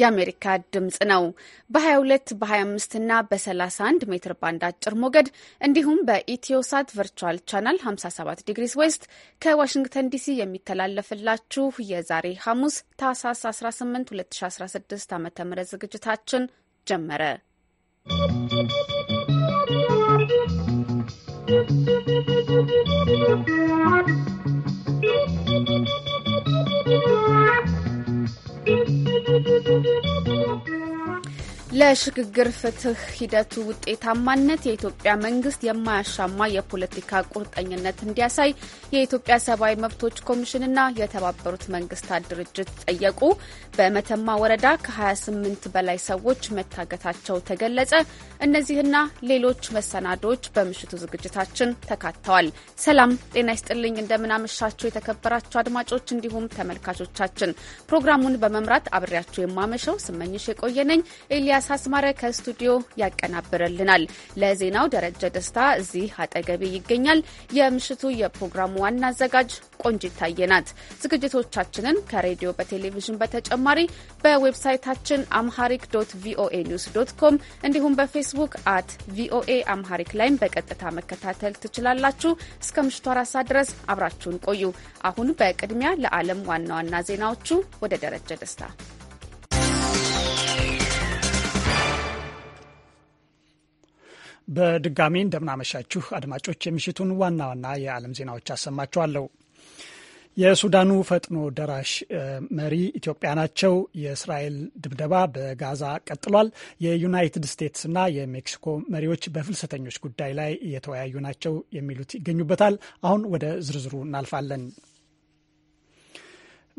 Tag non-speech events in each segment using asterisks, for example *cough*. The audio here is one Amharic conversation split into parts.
የአሜሪካ ድምፅ ነው። በ22 በ25 እና በ31 ሜትር ባንድ አጭር ሞገድ እንዲሁም በኢትዮሳት ቨርቹዋል ቻናል 57 ዲግሪስ ዌስት ከዋሽንግተን ዲሲ የሚተላለፍላችሁ የዛሬ ሐሙስ ታህሳስ 18 2016 ዓ ም ዝግጅታችን ጀመረ። ¶¶ Thank you. ለሽግግር ፍትህ ሂደቱ ውጤታማነት የኢትዮጵያ መንግስት የማያሻማ የፖለቲካ ቁርጠኝነት እንዲያሳይ የኢትዮጵያ ሰብአዊ መብቶች ኮሚሽንና የተባበሩት መንግስታት ድርጅት ጠየቁ። በመተማ ወረዳ ከ28 በላይ ሰዎች መታገታቸው ተገለጸ። እነዚህና ሌሎች መሰናዶዎች በምሽቱ ዝግጅታችን ተካተዋል። ሰላም ጤና ይስጥልኝ። እንደምናመሻቸው የተከበራቸው አድማጮች እንዲሁም ተመልካቾቻችን ፕሮግራሙን በመምራት አብሬያችሁ የማመሸው ስመኝሽ የቆየነኝ ኤልያስ ኤልያስ አስማረ ከስቱዲዮ ያቀናብረልናል። ለዜናው ደረጀ ደስታ እዚህ አጠገቤ ይገኛል። የምሽቱ የፕሮግራሙ ዋና አዘጋጅ ቆንጂት ታየናት። ዝግጅቶቻችንን ከሬዲዮ በቴሌቪዥን በተጨማሪ በዌብሳይታችን አምሃሪክ ዶት ቪኦኤ ኒውስ ዶት ኮም እንዲሁም በፌስቡክ አት ቪኦኤ አምሃሪክ ላይም በቀጥታ መከታተል ትችላላችሁ። እስከ ምሽቱ አራት ሰዓት ድረስ አብራችሁን ቆዩ። አሁን በቅድሚያ ለዓለም ዋና ዋና ዜናዎቹ ወደ ደረጀ ደስታ በድጋሚ እንደምናመሻችሁ አድማጮች፣ የምሽቱን ዋና ዋና የዓለም ዜናዎች አሰማችኋለሁ። የሱዳኑ ፈጥኖ ደራሽ መሪ ኢትዮጵያ ናቸው። የእስራኤል ድብደባ በጋዛ ቀጥሏል። የዩናይትድ ስቴትስና የሜክሲኮ መሪዎች በፍልሰተኞች ጉዳይ ላይ እየተወያዩ ናቸው የሚሉት ይገኙበታል። አሁን ወደ ዝርዝሩ እናልፋለን።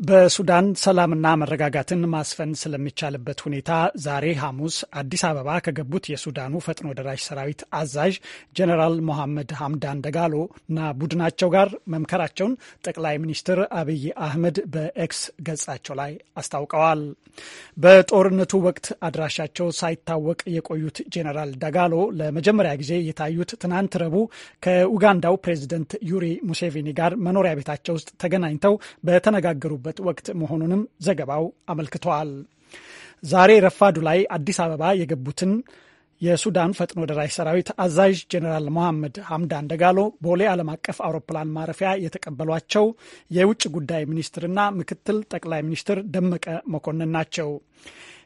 በሱዳን ሰላምና መረጋጋትን ማስፈን ስለሚቻልበት ሁኔታ ዛሬ ሐሙስ አዲስ አበባ ከገቡት የሱዳኑ ፈጥኖ ደራሽ ሰራዊት አዛዥ ጀነራል ሞሐመድ ሐምዳን ደጋሎ እና ቡድናቸው ጋር መምከራቸውን ጠቅላይ ሚኒስትር አብይ አህመድ በኤክስ ገጻቸው ላይ አስታውቀዋል። በጦርነቱ ወቅት አድራሻቸው ሳይታወቅ የቆዩት ጀኔራል ደጋሎ ለመጀመሪያ ጊዜ የታዩት ትናንት ረቡዕ ከኡጋንዳው ፕሬዚደንት ዩሪ ሙሴቪኒ ጋር መኖሪያ ቤታቸው ውስጥ ተገናኝተው በተነጋገሩበት በነበረበት ወቅት መሆኑንም ዘገባው አመልክተዋል። ዛሬ ረፋዱ ላይ አዲስ አበባ የገቡትን የሱዳን ፈጥኖ ደራሽ ሰራዊት አዛዥ ጀኔራል መሐመድ ሀምዳን ደጋሎ ቦሌ ዓለም አቀፍ አውሮፕላን ማረፊያ የተቀበሏቸው የውጭ ጉዳይ ሚኒስትርና ምክትል ጠቅላይ ሚኒስትር ደመቀ መኮንን ናቸው።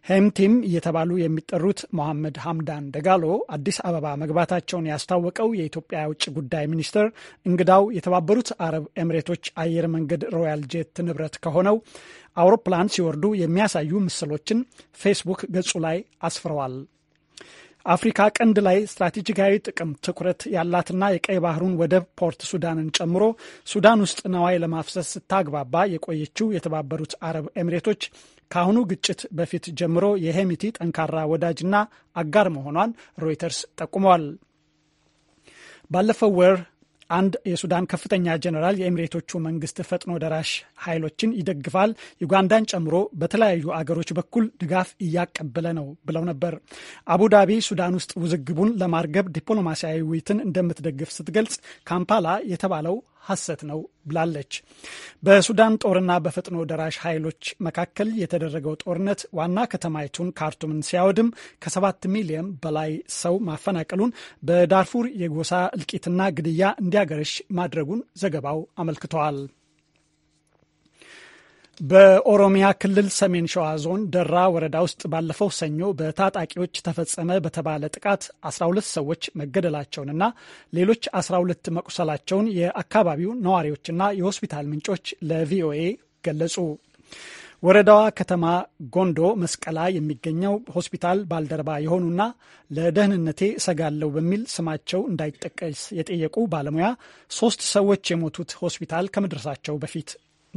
ሄምቲም እየተባሉ የሚጠሩት መሐመድ ሀምዳን ደጋሎ አዲስ አበባ መግባታቸውን ያስታወቀው የኢትዮጵያ የውጭ ጉዳይ ሚኒስትር እንግዳው የተባበሩት አረብ ኤምሬቶች አየር መንገድ ሮያል ጄት ንብረት ከሆነው አውሮፕላን ሲወርዱ የሚያሳዩ ምስሎችን ፌስቡክ ገጹ ላይ አስፍረዋል። አፍሪካ ቀንድ ላይ ስትራቴጂካዊ ጥቅም ትኩረት ያላትና የቀይ ባህሩን ወደብ ፖርት ሱዳንን ጨምሮ ሱዳን ውስጥ ነዋይ ለማፍሰስ ስታግባባ የቆየችው የተባበሩት አረብ ኤሚሬቶች ከአሁኑ ግጭት በፊት ጀምሮ የሄሚቲ ጠንካራ ወዳጅና አጋር መሆኗን ሮይተርስ ጠቁመዋል። ባለፈው ወር አንድ የሱዳን ከፍተኛ ጀኔራል የኤሚሬቶቹ መንግስት ፈጥኖ ደራሽ ኃይሎችን ይደግፋል፣ ዩጋንዳን ጨምሮ በተለያዩ አገሮች በኩል ድጋፍ እያቀበለ ነው ብለው ነበር። አቡዳቢ ሱዳን ውስጥ ውዝግቡን ለማርገብ ዲፕሎማሲያዊ ውይይትን እንደምትደግፍ ስትገልጽ ካምፓላ የተባለው ሐሰት ነው ብላለች። በሱዳን ጦርና በፈጥኖ ደራሽ ኃይሎች መካከል የተደረገው ጦርነት ዋና ከተማይቱን ካርቱምን ሲያወድም ከሰባት ሚሊዮን በላይ ሰው ማፈናቀሉን በዳርፉር የጎሳ እልቂትና ግድያ እንዲያገረሽ ማድረጉን ዘገባው አመልክተዋል። በኦሮሚያ ክልል ሰሜን ሸዋ ዞን ደራ ወረዳ ውስጥ ባለፈው ሰኞ በታጣቂዎች ተፈጸመ በተባለ ጥቃት 12 ሰዎች መገደላቸውንና ሌሎች 12 መቁሰላቸውን የአካባቢው ነዋሪዎችና የሆስፒታል ምንጮች ለቪኦኤ ገለጹ። ወረዳዋ ከተማ ጎንዶ መስቀላ የሚገኘው ሆስፒታል ባልደረባ የሆኑና ለደህንነቴ እሰጋለሁ በሚል ስማቸው እንዳይጠቀስ የጠየቁ ባለሙያ ሶስት ሰዎች የሞቱት ሆስፒታል ከመድረሳቸው በፊት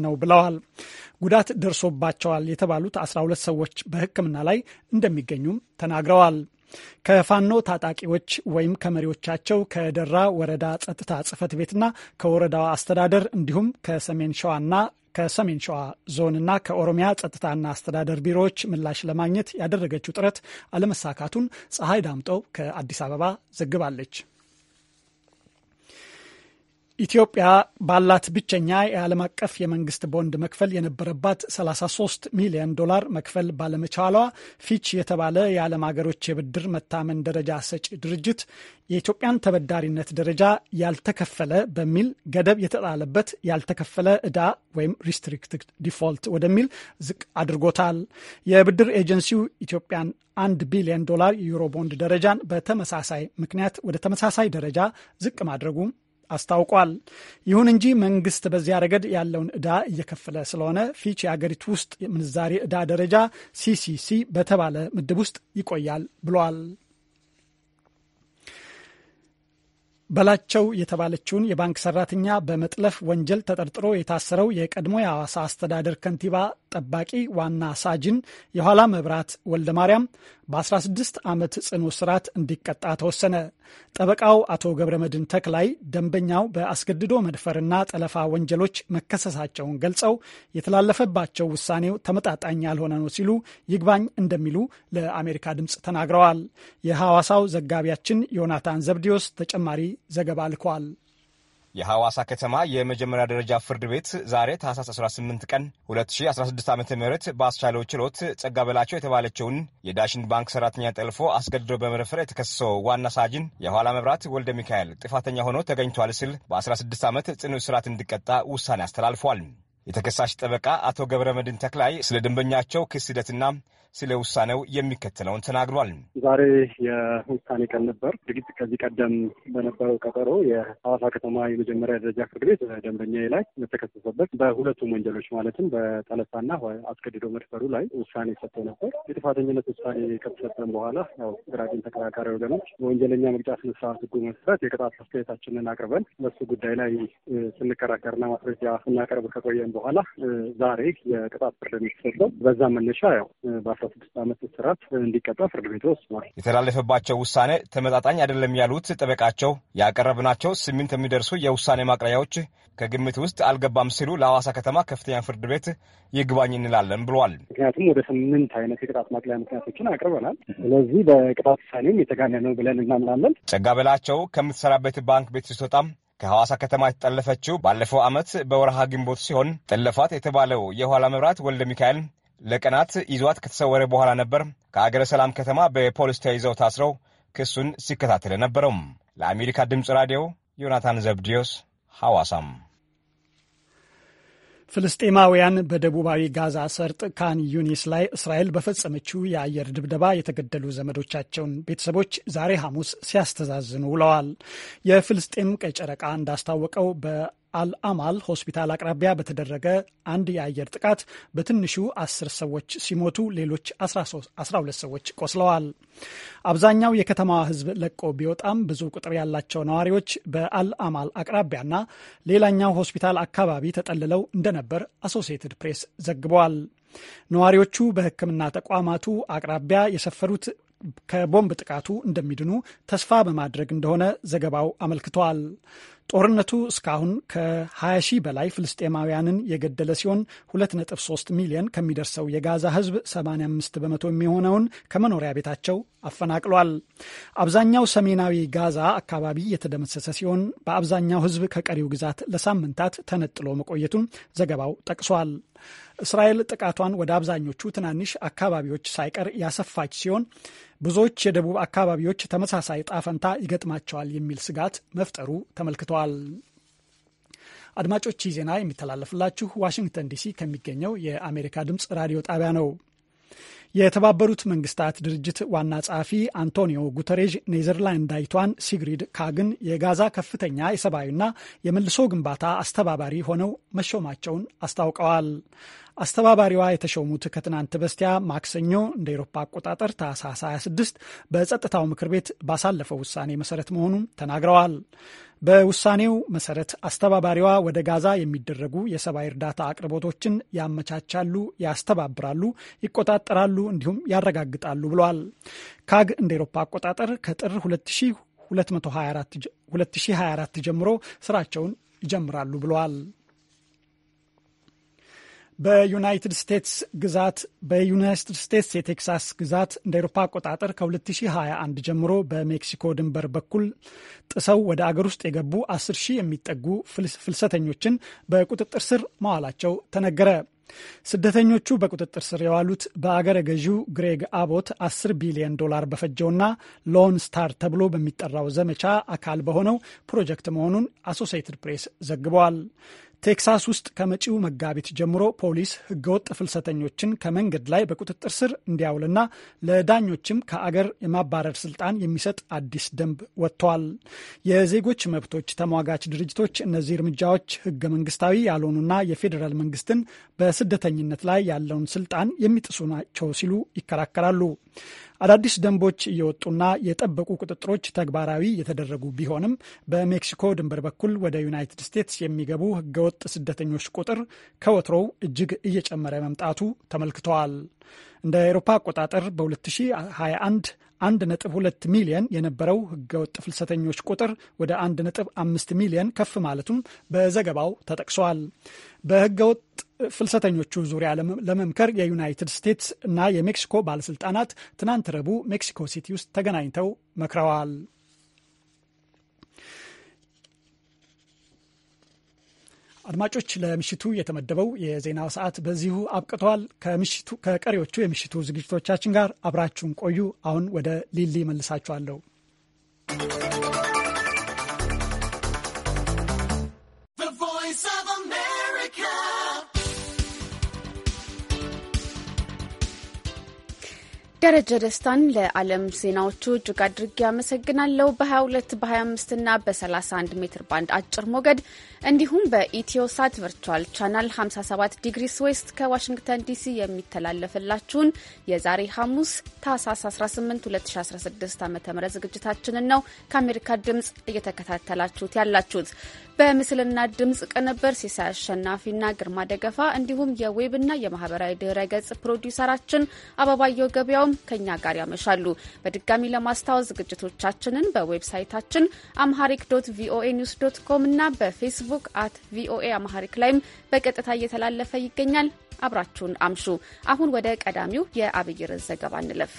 ነው ብለዋል። ጉዳት ደርሶባቸዋል የተባሉት 12 ሰዎች በሕክምና ላይ እንደሚገኙም ተናግረዋል። ከፋኖ ታጣቂዎች ወይም ከመሪዎቻቸው ከደራ ወረዳ ጸጥታ ጽፈት ቤትና ከወረዳው አስተዳደር እንዲሁም ከሰሜን ሸዋና ከሰሜን ሸዋ ዞንና ከኦሮሚያ ጸጥታና አስተዳደር ቢሮዎች ምላሽ ለማግኘት ያደረገችው ጥረት አለመሳካቱን ፀሐይ ዳምጠው ከአዲስ አበባ ዘግባለች። ኢትዮጵያ ባላት ብቸኛ የዓለም አቀፍ የመንግስት ቦንድ መክፈል የነበረባት 33 ሚሊዮን ዶላር መክፈል ባለመቻሏ ፊች የተባለ የዓለም አገሮች የብድር መታመን ደረጃ ሰጪ ድርጅት የኢትዮጵያን ተበዳሪነት ደረጃ ያልተከፈለ በሚል ገደብ የተጣለበት ያልተከፈለ እዳ ወይም ሪስትሪክት ዲፎልት ወደሚል ዝቅ አድርጎታል። የብድር ኤጀንሲው ኢትዮጵያን አንድ ቢሊዮን ዶላር የዩሮ ቦንድ ደረጃን በተመሳሳይ ምክንያት ወደ ተመሳሳይ ደረጃ ዝቅ ማድረጉ አስታውቋል። ይሁን እንጂ መንግስት በዚያ ረገድ ያለውን ዕዳ እየከፈለ ስለሆነ ፊች የአገሪቱ ውስጥ ምንዛሬ ዕዳ ደረጃ ሲሲሲ በተባለ ምድብ ውስጥ ይቆያል ብሏል። በላቸው የተባለችውን የባንክ ሰራተኛ በመጥለፍ ወንጀል ተጠርጥሮ የታሰረው የቀድሞ የሐዋሳ አስተዳደር ከንቲባ ጠባቂ ዋና ሳጅን የኋላ መብራት ወልደ ማርያም በ16 ዓመት ጽኑ እስራት እንዲቀጣ ተወሰነ። ጠበቃው አቶ ገብረመድህን ተክላይ ደንበኛው በአስገድዶ መድፈርና ጠለፋ ወንጀሎች መከሰሳቸውን ገልጸው የተላለፈባቸው ውሳኔው ተመጣጣኝ ያልሆነ ነው ሲሉ ይግባኝ እንደሚሉ ለአሜሪካ ድምፅ ተናግረዋል። የሐዋሳው ዘጋቢያችን ዮናታን ዘብዲዮስ ተጨማሪ ዘገባ ልከዋል። የሐዋሳ ከተማ የመጀመሪያ ደረጃ ፍርድ ቤት ዛሬ ታህሳስ 18 ቀን 2016 ዓ ም በአስቻለው ችሎት ጸጋ በላቸው የተባለችውን የዳሽን ባንክ ሰራተኛ ጠልፎ አስገድዶ በመደፈር የተከሰሰው ዋና ሳጅን የኋላ መብራት ወልደ ሚካኤል ጥፋተኛ ሆኖ ተገኝቷል ሲል በ16 ዓመት ጽኑ እስራት እንዲቀጣ ውሳኔ አስተላልፏል። የተከሳሽ ጠበቃ አቶ ገብረ መድን ተክላይ ስለ ደንበኛቸው ክስ ሂደትና ስለ ውሳኔው የሚከተለውን ተናግሯል። ዛሬ የውሳኔ ቀን ነበር። ድርጊት ከዚህ ቀደም በነበረው ቀጠሮ የሐዋሳ ከተማ የመጀመሪያ ደረጃ ፍርድ ቤት ደንበኛ ላይ በተከሰሰበት በሁለቱም ወንጀሎች ማለትም በጠለፋና አስገድዶ መድፈሩ ላይ ውሳኔ ሰጥቶ ነበር። የጥፋተኝነት ውሳኔ ከተሰጠን በኋላ ያው ግራጅን ተከራካሪ ወገኖች በወንጀለኛ መቅጫ ስነስርዓት ህጉ መሰረት የቅጣት አስተያየታችንን አቅርበን በሱ ጉዳይ ላይ ስንከራከርና ማስረጃ ስናቀርብ ከቆየን በኋላ ዛሬ የቅጣት ፍርድ ቤት ሰጠው። በዛ መነሻ ያው በአስራ ስድስት ዓመት እስራት እንዲቀጣ ፍርድ ቤቱ ወስኗል። የተላለፈባቸው ውሳኔ ተመጣጣኝ አይደለም ያሉት ጠበቃቸው ያቀረብናቸው ስምንት የሚደርሱ የውሳኔ ማቅለያዎች ከግምት ውስጥ አልገባም ሲሉ ለሐዋሳ ከተማ ከፍተኛ ፍርድ ቤት ይግባኝ እንላለን ብሏል። ምክንያቱም ወደ ስምንት አይነት የቅጣት ማቅለያ ምክንያቶችን አቅርበናል። ስለዚህ በቅጣት ውሳኔም የተጋነነ ነው ብለን እናምናለን። ጸጋ በላቸው ከምትሰራበት ባንክ ቤት ስትወጣም ከሐዋሳ ከተማ የተጠለፈችው ባለፈው ዓመት በወርሃ ግንቦት ሲሆን ጠለፋት የተባለው የኋላ መብራት ወልደ ሚካኤል ለቀናት ይዟት ከተሰወረ በኋላ ነበር ከአገረ ሰላም ከተማ በፖሊስ ተይዘው ታስረው ክሱን ሲከታተል ነበረው። ለአሜሪካ ድምፅ ራዲዮ ዮናታን ዘብድዮስ ሐዋሳም ፍልስጤማውያን በደቡባዊ ጋዛ ሰርጥ ካን ዩኒስ ላይ እስራኤል በፈጸመችው የአየር ድብደባ የተገደሉ ዘመዶቻቸውን ቤተሰቦች ዛሬ ሐሙስ ሲያስተዛዝኑ ውለዋል። የፍልስጤም ቀይ ጨረቃ እንዳስታወቀው በ አልአማል ሆስፒታል አቅራቢያ በተደረገ አንድ የአየር ጥቃት በትንሹ አስር ሰዎች ሲሞቱ ሌሎች 12 ሰዎች ቆስለዋል። አብዛኛው የከተማዋ ሕዝብ ለቆ ቢወጣም ብዙ ቁጥር ያላቸው ነዋሪዎች በአልአማል አቅራቢያና ሌላኛው ሆስፒታል አካባቢ ተጠልለው እንደነበር አሶሲየትድ ፕሬስ ዘግበዋል። ነዋሪዎቹ በሕክምና ተቋማቱ አቅራቢያ የሰፈሩት ከቦምብ ጥቃቱ እንደሚድኑ ተስፋ በማድረግ እንደሆነ ዘገባው አመልክቷል። ጦርነቱ እስካሁን ከ20 ሺህ በላይ ፍልስጤማውያንን የገደለ ሲሆን 2.3 ሚሊዮን ከሚደርሰው የጋዛ ሕዝብ 85 በመቶ የሚሆነውን ከመኖሪያ ቤታቸው አፈናቅሏል። አብዛኛው ሰሜናዊ ጋዛ አካባቢ የተደመሰሰ ሲሆን በአብዛኛው ሕዝብ ከቀሪው ግዛት ለሳምንታት ተነጥሎ መቆየቱን ዘገባው ጠቅሷል። እስራኤል ጥቃቷን ወደ አብዛኞቹ ትናንሽ አካባቢዎች ሳይቀር ያሰፋች ሲሆን ብዙዎች የደቡብ አካባቢዎች ተመሳሳይ ጣፈንታ ይገጥማቸዋል የሚል ስጋት መፍጠሩ ተመልክተዋል። አድማጮች ይህ ዜና የሚተላለፍላችሁ ዋሽንግተን ዲሲ ከሚገኘው የአሜሪካ ድምፅ ራዲዮ ጣቢያ ነው። የተባበሩት መንግስታት ድርጅት ዋና ጸሐፊ አንቶኒዮ ጉተሬዥ ኔዘርላንዳይቷን ሲግሪድ ካግን የጋዛ ከፍተኛ የሰብአዊና የመልሶ ግንባታ አስተባባሪ ሆነው መሾማቸውን አስታውቀዋል። አስተባባሪዋ የተሾሙት ከትናንት በስቲያ ማክሰኞ እንደ ኤሮፓ አቆጣጠር ታህሳስ 26 በጸጥታው ምክር ቤት ባሳለፈው ውሳኔ መሰረት መሆኑን ተናግረዋል። በውሳኔው መሰረት አስተባባሪዋ ወደ ጋዛ የሚደረጉ የሰብአዊ እርዳታ አቅርቦቶችን ያመቻቻሉ፣ ያስተባብራሉ፣ ይቆጣጠራሉ ያሳያሉ እንዲሁም ያረጋግጣሉ ብለዋል። ካግ እንደ ኤሮፓ አቆጣጠር ከጥር 2024 ጀምሮ ስራቸውን ይጀምራሉ ብለዋል። በዩናይትድ ስቴትስ ግዛት በዩናይትድ ስቴትስ የቴክሳስ ግዛት እንደ ኤሮፓ አቆጣጠር ከ2021 ጀምሮ በሜክሲኮ ድንበር በኩል ጥሰው ወደ አገር ውስጥ የገቡ 10 ሺህ የሚጠጉ ፍልሰተኞችን በቁጥጥር ስር መዋላቸው ተነገረ። ስደተኞቹ በቁጥጥር ስር የዋሉት በአገረ ገዢው ግሬግ አቦት 10 ቢሊዮን ዶላር በፈጀውና ሎን ስታር ተብሎ በሚጠራው ዘመቻ አካል በሆነው ፕሮጀክት መሆኑን አሶሴትድ ፕሬስ ዘግቧል። ቴክሳስ ውስጥ ከመጪው መጋቢት ጀምሮ ፖሊስ ህገወጥ ፍልሰተኞችን ከመንገድ ላይ በቁጥጥር ስር እንዲያውልና ለዳኞችም ከአገር የማባረር ስልጣን የሚሰጥ አዲስ ደንብ ወጥቷል። የዜጎች መብቶች ተሟጋች ድርጅቶች እነዚህ እርምጃዎች ህገ መንግስታዊ ያልሆኑና የፌዴራል መንግስትን በስደተኝነት ላይ ያለውን ስልጣን የሚጥሱ ናቸው ሲሉ ይከራከራሉ። አዳዲስ ደንቦች እየወጡና የጠበቁ ቁጥጥሮች ተግባራዊ የተደረጉ ቢሆንም በሜክሲኮ ድንበር በኩል ወደ ዩናይትድ ስቴትስ የሚገቡ ህገወጥ ስደተኞች ቁጥር ከወትሮው እጅግ እየጨመረ መምጣቱ ተመልክተዋል። እንደ አውሮፓ አቆጣጠር በ2021 1.2 ሚሊየን የነበረው ህገወጥ ፍልሰተኞች ቁጥር ወደ 1.5 ሚሊየን ከፍ ማለቱም በዘገባው ተጠቅሷል። በህገወጥ ፍልሰተኞቹ ዙሪያ ለመምከር የዩናይትድ ስቴትስ እና የሜክሲኮ ባለስልጣናት ትናንት ረቡዕ ሜክሲኮ ሲቲ ውስጥ ተገናኝተው መክረዋል። አድማጮች፣ ለምሽቱ የተመደበው የዜናው ሰዓት በዚሁ አብቅተዋል። ከምሽቱ ከቀሪዎቹ የምሽቱ ዝግጅቶቻችን ጋር አብራችሁን ቆዩ። አሁን ወደ ሊሊ መልሳችኋለሁ። ደረጀ ደስታን ለዓለም ዜናዎቹ እጅግ አድርጌ አመሰግናለሁ። በ22 በ25 እና በ31 ሜትር ባንድ አጭር ሞገድ እንዲሁም በኢትዮሳት ቨርቹዋል ቻናል 57 ዲግሪስ ዌስት ከዋሽንግተን ዲሲ የሚተላለፍላችሁን የዛሬ ሐሙስ ታህሳስ 18 2016 ዓ ም ዝግጅታችንን ነው ከአሜሪካ ድምፅ እየተከታተላችሁት ያላችሁት። በምስልና ድምፅ ቅንብር ሲሳይ አሸናፊና ግርማ ደገፋ እንዲሁም የዌብና የማህበራዊ ድህረ ገጽ ፕሮዲውሰራችን አበባየው ገበያውም ከኛ ጋር ያመሻሉ። በድጋሚ ለማስታወስ ዝግጅቶቻችንን በዌብሳይታችን አምሃሪክ ዶት ቪኦኤ ኒውስ ዶት ኮም እና በፌስቡክ አት ቪኦኤ አምሃሪክ ላይም በቀጥታ እየተላለፈ ይገኛል። አብራችሁን አምሹ። አሁን ወደ ቀዳሚው የአብይ ርዕስ ዘገባ እንለፍ።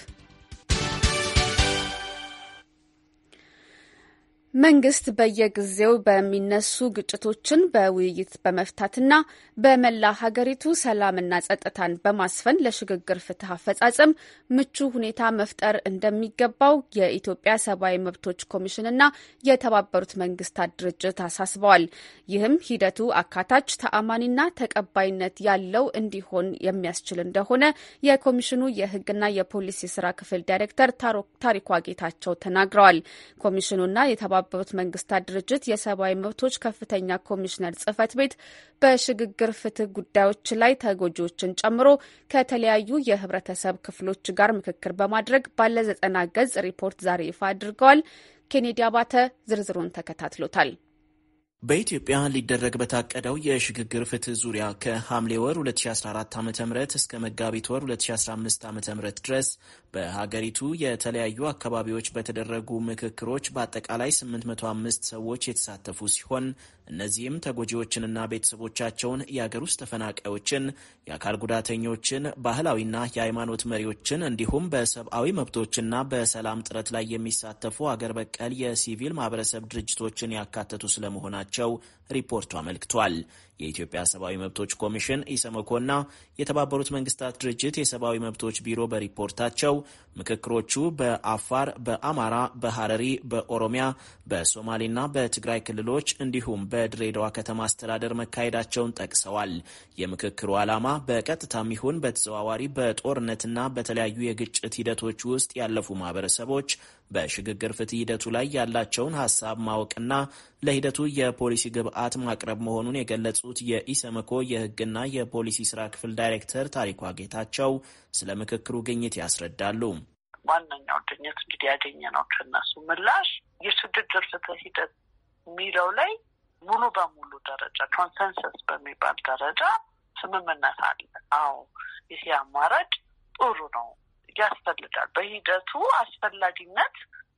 መንግስት በየጊዜው በሚነሱ ግጭቶችን በውይይት በመፍታትና በመላ ሀገሪቱ ሰላምና ጸጥታን በማስፈን ለሽግግር ፍትህ አፈጻጸም ምቹ ሁኔታ መፍጠር እንደሚገባው የኢትዮጵያ ሰብአዊ መብቶች ኮሚሽንና የተባበሩት መንግስታት ድርጅት አሳስበዋል። ይህም ሂደቱ አካታች፣ ተአማኒና ተቀባይነት ያለው እንዲሆን የሚያስችል እንደሆነ የኮሚሽኑ የህግና የፖሊሲ ስራ ክፍል ዳይሬክተር ታሪኳ ጌታቸው ተናግረዋል። ኮሚሽኑና የተባበሩት መንግስታት ድርጅት የሰብአዊ መብቶች ከፍተኛ ኮሚሽነር ጽህፈት ቤት በሽግግር ፍትህ ጉዳዮች ላይ ተጎጂዎችን ጨምሮ ከተለያዩ የህብረተሰብ ክፍሎች ጋር ምክክር በማድረግ ባለ ዘጠና ገጽ ሪፖርት ዛሬ ይፋ አድርገዋል። ኬኔዲ አባተ ዝርዝሩን ተከታትሎታል። በኢትዮጵያ ሊደረግ በታቀደው የሽግግር ፍትህ ዙሪያ ከሐምሌ ወር 2014 ዓ ም እስከ መጋቢት ወር 2015 ዓ ም ድረስ በሀገሪቱ የተለያዩ አካባቢዎች በተደረጉ ምክክሮች በአጠቃላይ 805 ሰዎች የተሳተፉ ሲሆን እነዚህም ተጎጂዎችንና ቤተሰቦቻቸውን፣ የአገር ውስጥ ተፈናቃዮችን፣ የአካል ጉዳተኞችን፣ ባህላዊና የሃይማኖት መሪዎችን እንዲሁም በሰብአዊ መብቶችና በሰላም ጥረት ላይ የሚሳተፉ አገር በቀል የሲቪል ማህበረሰብ ድርጅቶችን ያካተቱ ስለመሆናቸው መሆናቸው ሪፖርቱ አመልክቷል። የኢትዮጵያ ሰብአዊ መብቶች ኮሚሽን ኢሰመኮና የተባበሩት መንግስታት ድርጅት የሰብአዊ መብቶች ቢሮ በሪፖርታቸው ምክክሮቹ በአፋር፣ በአማራ፣ በሐረሪ፣ በኦሮሚያ፣ በሶማሌና በትግራይ ክልሎች እንዲሁም በድሬዳዋ ከተማ አስተዳደር መካሄዳቸውን ጠቅሰዋል። የምክክሩ ዓላማ በቀጥታም ይሁን በተዘዋዋሪ በጦርነትና በተለያዩ የግጭት ሂደቶች ውስጥ ያለፉ ማህበረሰቦች በሽግግር ፍትህ ሂደቱ ላይ ያላቸውን ሀሳብ ማወቅና ለሂደቱ የፖሊሲ ግብዓት ማቅረብ መሆኑን የገለጹ የገለጹት የኢሰመኮ የህግና የፖሊሲ ስራ ክፍል ዳይሬክተር ታሪኳ ጌታቸው ስለ ምክክሩ ግኝት ያስረዳሉ። ዋነኛው ግኝት እንግዲህ ያገኘ ነው ከነሱ ምላሽ የስድብ ርፍተ ሂደት የሚለው ላይ ሙሉ በሙሉ ደረጃ ኮንሰንሰስ በሚባል ደረጃ ስምምነት አለ። አዎ ይህ አማራጭ ጥሩ ነው፣ ያስፈልጋል። በሂደቱ አስፈላጊነት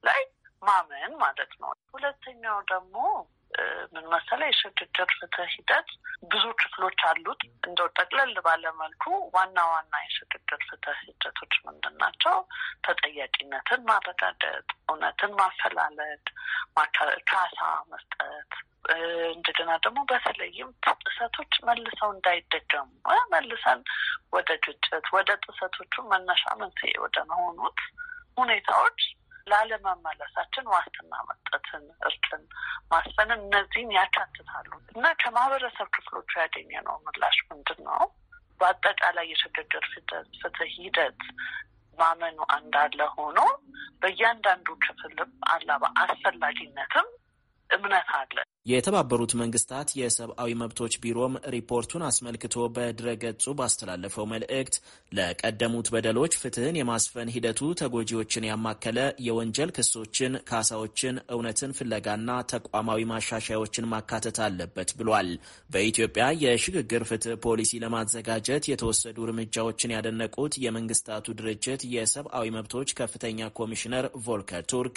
ላይ ማመን ማለት ነው። ሁለተኛው ደግሞ ምን መሰለ የሽግግር ፍትህ ሂደት ብዙ ክፍሎች አሉት። እንደው ጠቅለል ባለመልኩ ዋና ዋና የሽግግር ፍትህ ሂደቶች ምንድን ናቸው? ተጠያቂነትን ማረጋገጥ፣ እውነትን ማፈላለግ፣ ካሳ መስጠት እንደገና ደግሞ በተለይም ጥሰቶች መልሰው እንዳይደገሙ መልሰን ወደ ግጭት ወደ ጥሰቶቹ መነሻ መንስኤ ወደ መሆኑት ሁኔታዎች ላለመመለሳችን ዋስትና መስጠትን፣ እርቅን ማስፈንን እነዚህን ያካትታሉ እና ከማህበረሰብ ክፍሎቹ ያገኘ ነው ምላሽ ምንድን ነው? በአጠቃላይ የሽግግር ፍትህ ሂደት ማመኑ እንዳለ ሆኖ በእያንዳንዱ ክፍልም አላ አስፈላጊነትም እምነት አለ። የተባበሩት መንግስታት የሰብአዊ መብቶች ቢሮም ሪፖርቱን አስመልክቶ በድረገጹ ባስተላለፈው መልእክት ለቀደሙት በደሎች ፍትህን የማስፈን ሂደቱ ተጎጂዎችን ያማከለ የወንጀል ክሶችን፣ ካሳዎችን፣ እውነትን ፍለጋና ተቋማዊ ማሻሻያዎችን ማካተት አለበት ብሏል። በኢትዮጵያ የሽግግር ፍትህ ፖሊሲ ለማዘጋጀት የተወሰዱ እርምጃዎችን ያደነቁት የመንግስታቱ ድርጅት የሰብአዊ መብቶች ከፍተኛ ኮሚሽነር ቮልከር ቱርክ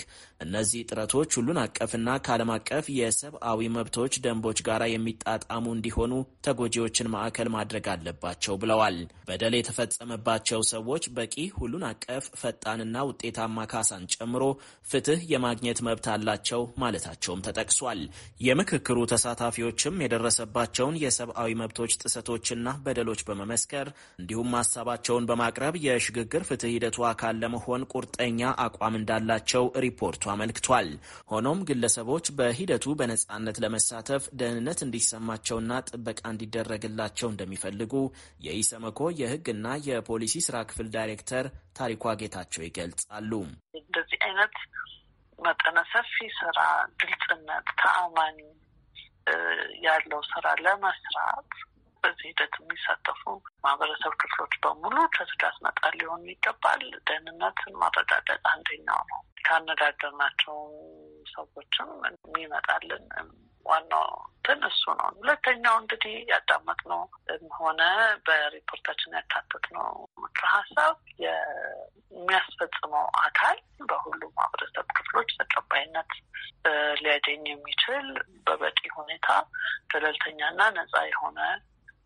እነዚህ ጥረቶች ሁሉን አቀፍና ከዓለም አቀፍ የሰብአ ሰብአዊ መብቶች ደንቦች ጋር የሚጣጣሙ እንዲሆኑ ተጎጂዎችን ማዕከል ማድረግ አለባቸው ብለዋል። በደል የተፈጸመባቸው ሰዎች በቂ ሁሉን አቀፍ ፈጣንና ውጤታማ ካሳን ጨምሮ ፍትህ የማግኘት መብት አላቸው ማለታቸውም ተጠቅሷል። የምክክሩ ተሳታፊዎችም የደረሰባቸውን የሰብአዊ መብቶች ጥሰቶችና በደሎች በመመስከር እንዲሁም ሀሳባቸውን በማቅረብ የሽግግር ፍትህ ሂደቱ አካል ለመሆን ቁርጠኛ አቋም እንዳላቸው ሪፖርቱ አመልክቷል። ሆኖም ግለሰቦች በሂደቱ በነጻ በነጻነት ለመሳተፍ ደህንነት እንዲሰማቸውና ጥበቃ እንዲደረግላቸው እንደሚፈልጉ የኢሰመኮ የህግና የፖሊሲ ስራ ክፍል ዳይሬክተር ታሪኳ ጌታቸው ይገልጻሉ። እንደዚህ አይነት መጠነ ሰፊ ስራ፣ ግልጽነት፣ ተአማኒ ያለው ስራ ለመስራት በዚህ ሂደት የሚሳተፉ ማህበረሰብ ክፍሎች በሙሉ ከስጋት ነጻ ሊሆኑ ይገባል። ደህንነትን ማረጋገጥ አንደኛው ነው። ካነጋገርናቸው ሰዎችም የሚመጣልን ዋናው እንትን እሱ ነው። ሁለተኛው እንግዲህ ያዳመጥነው ሆነ በሪፖርታችን ያካተትነው ምክረ ሀሳብ የሚያስፈጽመው አካል በሁሉም ማህበረሰብ ክፍሎች ተቀባይነት ሊያገኝ የሚችል በበቂ ሁኔታ ገለልተኛና ነፃ የሆነ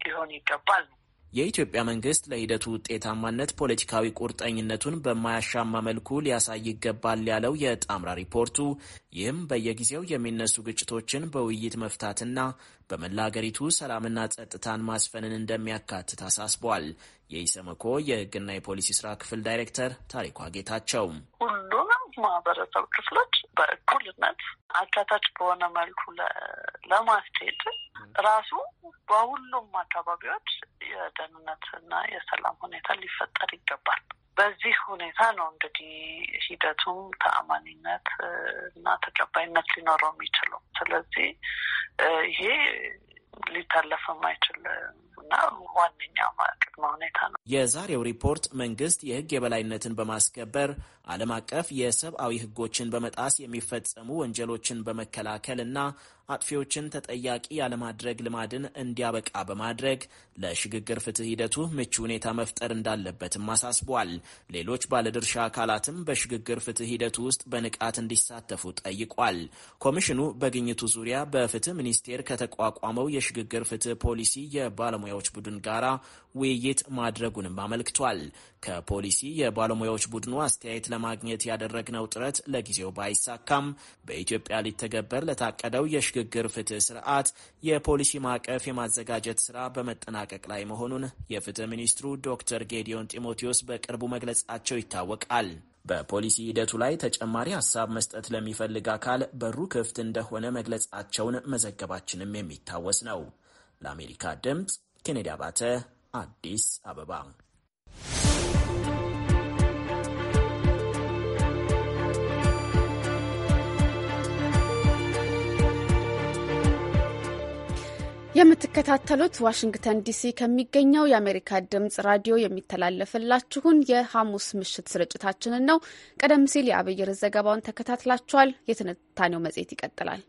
ሊሆን ይገባል ነው። የኢትዮጵያ መንግስት ለሂደቱ ውጤታማነት ፖለቲካዊ ቁርጠኝነቱን በማያሻማ መልኩ ሊያሳይ ይገባል ያለው የጣምራ ሪፖርቱ፣ ይህም በየጊዜው የሚነሱ ግጭቶችን በውይይት መፍታትና በመላ አገሪቱ ሰላምና ጸጥታን ማስፈንን እንደሚያካትት አሳስቧል። የኢሰመኮ የህግና የፖሊሲ ስራ ክፍል ዳይሬክተር ታሪኳ ጌታቸው ሁሉም ማህበረሰብ ክፍሎች በእኩልነት አካታች በሆነ መልኩ ለማስኬድ ራሱ በሁሉም አካባቢዎች የደህንነትና የሰላም ሁኔታ ሊፈጠር ይገባል። በዚህ ሁኔታ ነው እንግዲህ ሂደቱም ተአማኒነት እና ተቀባይነት ሊኖረው የሚችለው። ስለዚህ ይሄ ሊታለፍ የማይችል እና ዋነኛው ቅድመ ሁኔታ ነው። የዛሬው ሪፖርት መንግስት የህግ የበላይነትን በማስከበር ዓለም አቀፍ የሰብአዊ ህጎችን በመጣስ የሚፈጸሙ ወንጀሎችን በመከላከል እና አጥፊዎችን ተጠያቂ ያለማድረግ ልማድን እንዲያበቃ በማድረግ ለሽግግር ፍትህ ሂደቱ ምቹ ሁኔታ መፍጠር እንዳለበትም አሳስቧል። ሌሎች ባለድርሻ አካላትም በሽግግር ፍትህ ሂደቱ ውስጥ በንቃት እንዲሳተፉ ጠይቋል። ኮሚሽኑ በግኝቱ ዙሪያ በፍትህ ሚኒስቴር ከተቋቋመው የሽግግር ፍትህ ፖሊሲ የባለሙያዎች ቡድን ጋራ ውይይት ማድረጉንም አመልክቷል። ከፖሊሲ የባለሙያዎች ቡድኑ አስተያየት ለማግኘት ያደረግነው ጥረት ለጊዜው ባይሳካም በኢትዮጵያ ሊተገበር ለታቀደው የሽግ የሽግግር ፍትህ ስርዓት የፖሊሲ ማዕቀፍ የማዘጋጀት ስራ በመጠናቀቅ ላይ መሆኑን የፍትህ ሚኒስትሩ ዶክተር ጌዲዮን ጢሞቴዎስ በቅርቡ መግለጻቸው ይታወቃል። በፖሊሲ ሂደቱ ላይ ተጨማሪ ሀሳብ መስጠት ለሚፈልግ አካል በሩ ክፍት እንደሆነ መግለጻቸውን መዘገባችንም የሚታወስ ነው። ለአሜሪካ ድምፅ ኬኔዲ አባተ አዲስ አበባ የምትከታተሉት ዋሽንግተን ዲሲ ከሚገኘው የአሜሪካ ድምጽ ራዲዮ የሚተላለፍላችሁን የሐሙስ ምሽት ስርጭታችንን ነው። ቀደም ሲል የአብይር ዘገባውን ተከታትላችኋል። የትንታኔው መጽሔት ይቀጥላል።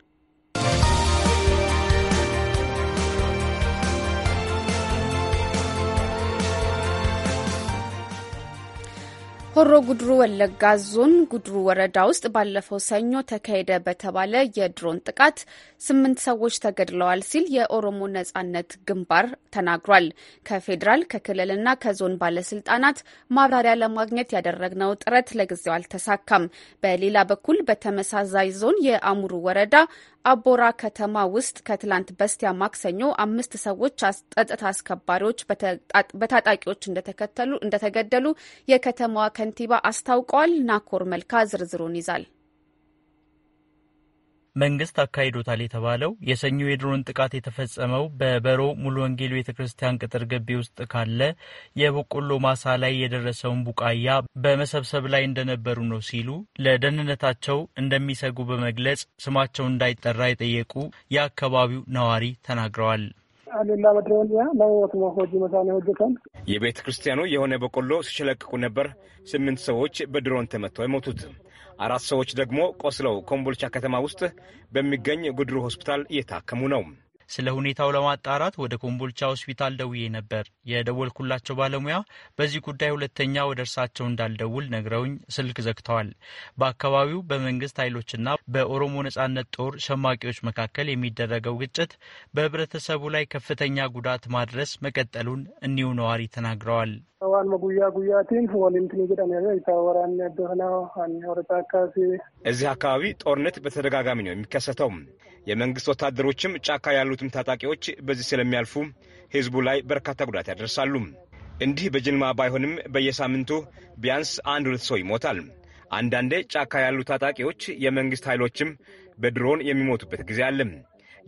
ሆሮ ጉድሩ ወለጋ ዞን ጉድሩ ወረዳ ውስጥ ባለፈው ሰኞ ተካሄደ በተባለ የድሮን ጥቃት ስምንት ሰዎች ተገድለዋል ሲል የኦሮሞ ነጻነት ግንባር ተናግሯል። ከፌዴራል ከክልልና ከዞን ባለስልጣናት ማብራሪያ ለማግኘት ያደረግነው ጥረት ለጊዜው አልተሳካም። በሌላ በኩል በተመሳሳይ ዞን የአሙሩ ወረዳ አቦራ ከተማ ውስጥ ከትላንት በስቲያ ማክሰኞ አምስት ሰዎች ጸጥታ አስከባሪዎች በታጣቂዎች እንደተገደሉ የከተማዋ ከንቲባ አስታውቀዋል። ናኮር መልካ ዝርዝሩን ይዛል። መንግስት አካሂዶታል የተባለው የሰኞ የድሮን ጥቃት የተፈጸመው በበሮ ሙሉ ወንጌል ቤተ ክርስቲያን ቅጥር ግቢ ውስጥ ካለ የበቆሎ ማሳ ላይ የደረሰውን ቡቃያ በመሰብሰብ ላይ እንደነበሩ ነው ሲሉ ለደህንነታቸው እንደሚሰጉ በመግለጽ ስማቸው እንዳይጠራ የጠየቁ የአካባቢው ነዋሪ ተናግረዋል። አሉላ መሳኔ የቤተ ክርስቲያኑ የሆነ በቆሎ ሲሸለቅቁ ነበር። ስምንት ሰዎች በድሮን ተመተው የሞቱት፣ አራት ሰዎች ደግሞ ቆስለው ኮምቦልቻ ከተማ ውስጥ በሚገኝ ጉድሩ ሆስፒታል እየታከሙ ነው። ስለ ሁኔታው ለማጣራት ወደ ኮምቦልቻ ሆስፒታል ደውዬ ነበር። የደወልኩላቸው ባለሙያ በዚህ ጉዳይ ሁለተኛ ወደ እርሳቸው እንዳልደውል ነግረውኝ ስልክ ዘግተዋል። በአካባቢው በመንግስት ኃይሎችና በኦሮሞ ነጻነት ጦር ሸማቂዎች መካከል የሚደረገው ግጭት በህብረተሰቡ ላይ ከፍተኛ ጉዳት ማድረስ መቀጠሉን እኒው ነዋሪ ተናግረዋል። እዚህ አካባቢ ጦርነት በተደጋጋሚ ነው የሚከሰተው። የመንግስት ወታደሮችም ጫካ ያሉትም ታጣቂዎች በዚህ ስለሚያልፉ ህዝቡ ላይ በርካታ ጉዳት ያደርሳሉ። እንዲህ በጅልማ ባይሆንም በየሳምንቱ ቢያንስ አንድ ሁለት ሰው ይሞታል። አንዳንዴ ጫካ ያሉ ታጣቂዎች የመንግስት ኃይሎችም በድሮን የሚሞቱበት ጊዜ አለ።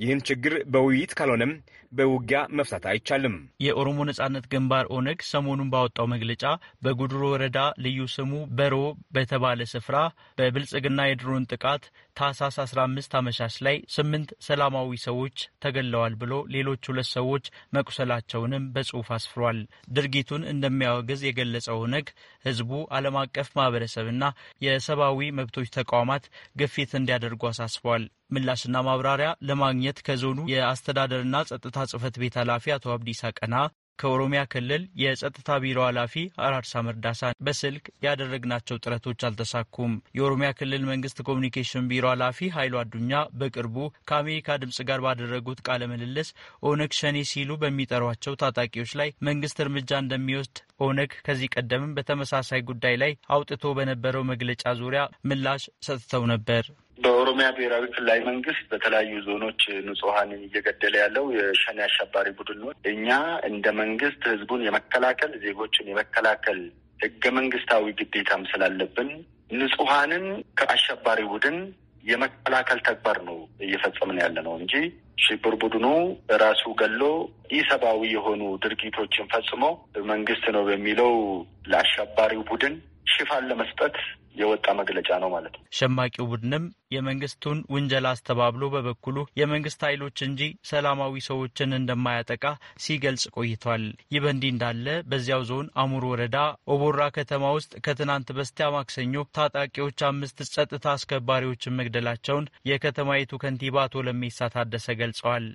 ይህን ችግር በውይይት ካልሆነም በውጊያ መፍታት አይቻልም። የኦሮሞ ነጻነት ግንባር ኦነግ ሰሞኑን ባወጣው መግለጫ በጉድሮ ወረዳ ልዩ ስሙ በሮ በተባለ ስፍራ በብልጽግና የድሮን ጥቃት ታህሳስ 15 አመሻሽ ላይ ስምንት ሰላማዊ ሰዎች ተገለዋል ብሎ ሌሎች ሁለት ሰዎች መቁሰላቸውንም በጽሁፍ አስፍሯል። ድርጊቱን እንደሚያወግዝ የገለጸው ኦነግ ህዝቡ ዓለም አቀፍ ማህበረሰብና የሰብአዊ መብቶች ተቋማት ግፊት እንዲያደርጉ አሳስቧል። ምላሽና ማብራሪያ ለማግኘት ከዞኑ የአስተዳደርና ጸጥታ ጽህፈት ቤት ኃላፊ አቶ አብዲሳ ቀና ከኦሮሚያ ክልል የጸጥታ ቢሮ ኃላፊ አራርሳ መርዳሳ በስልክ ያደረግናቸው ጥረቶች አልተሳኩም። የኦሮሚያ ክልል መንግስት ኮሚኒኬሽን ቢሮ ኃላፊ ኃይሉ አዱኛ በቅርቡ ከአሜሪካ ድምጽ ጋር ባደረጉት ቃለ ምልልስ ኦነግ ሸኔ ሲሉ በሚጠሯቸው ታጣቂዎች ላይ መንግስት እርምጃ እንደሚወስድ ኦነግ ከዚህ ቀደምም በተመሳሳይ ጉዳይ ላይ አውጥቶ በነበረው መግለጫ ዙሪያ ምላሽ ሰጥተው ነበር። በኦሮሚያ ብሔራዊ ክልላዊ መንግስት በተለያዩ ዞኖች ንጹሀንን እየገደለ ያለው የሸኔ አሸባሪ ቡድን ነው። እኛ እንደ መንግስት ህዝቡን የመከላከል ዜጎችን የመከላከል ህገ መንግስታዊ ግዴታም ስላለብን ንጹሀንን ከአሸባሪ ቡድን የመከላከል ተግባር ነው እየፈጸምን ያለ ነው እንጂ ሽብር ቡድኑ ራሱ ገሎ ኢሰብአዊ የሆኑ ድርጊቶችን ፈጽሞ መንግስት ነው በሚለው ለአሸባሪው ቡድን ሽፋን ለመስጠት የወጣ መግለጫ ነው ማለት ነው። ሸማቂው ቡድንም የመንግስቱን ውንጀላ አስተባብሎ በበኩሉ የመንግስት ኃይሎች እንጂ ሰላማዊ ሰዎችን እንደማያጠቃ ሲገልጽ ቆይቷል። ይህ በእንዲህ እንዳለ በዚያው ዞን አሙር ወረዳ ኦቦራ ከተማ ውስጥ ከትናንት በስቲያ ማክሰኞ ታጣቂዎች አምስት ጸጥታ አስከባሪዎችን መግደላቸውን የከተማይቱ ከንቲባ አቶ ለሜሳ ታደሰ ገልጸዋል።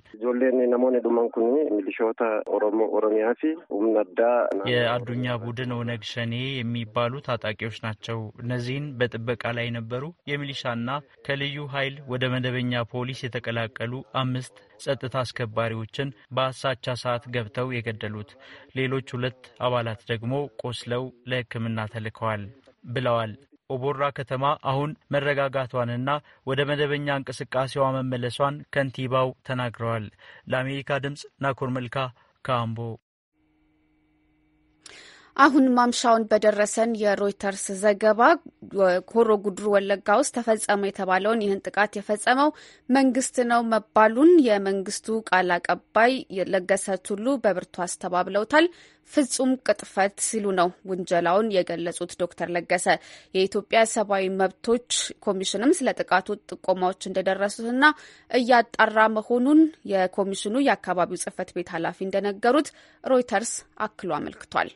የአዱኛ ቡድን ኦነግ ሸኔ የሚባሉ ታጣቂዎች ናቸው እነዚህ በዚህን በጥበቃ ላይ የነበሩ የሚሊሻና ከልዩ ኃይል ወደ መደበኛ ፖሊስ የተቀላቀሉ አምስት ጸጥታ አስከባሪዎችን በአሳቻ ሰዓት ገብተው የገደሉት፣ ሌሎች ሁለት አባላት ደግሞ ቆስለው ለሕክምና ተልከዋል ብለዋል። ኦቦራ ከተማ አሁን መረጋጋቷንና ወደ መደበኛ እንቅስቃሴዋ መመለሷን ከንቲባው ተናግረዋል። ለአሜሪካ ድምፅ ናኮር መልካ ካምቦ አሁን ማምሻውን በደረሰን የሮይተርስ ዘገባ ሆሮ ጉድሩ ወለጋ ውስጥ ተፈጸመ የተባለውን ይህን ጥቃት የፈጸመው መንግስት ነው መባሉን የመንግስቱ ቃል አቀባይ ለገሰ ቱሉ በብርቱ አስተባብለውታል። ፍጹም ቅጥፈት ሲሉ ነው ውንጀላውን የገለጹት ዶክተር ለገሰ። የኢትዮጵያ ሰብአዊ መብቶች ኮሚሽንም ስለ ጥቃቱ ጥቆማዎች እንደደረሱትና እያጣራ መሆኑን የኮሚሽኑ የአካባቢው ጽህፈት ቤት ኃላፊ እንደነገሩት ሮይተርስ አክሎ አመልክቷል።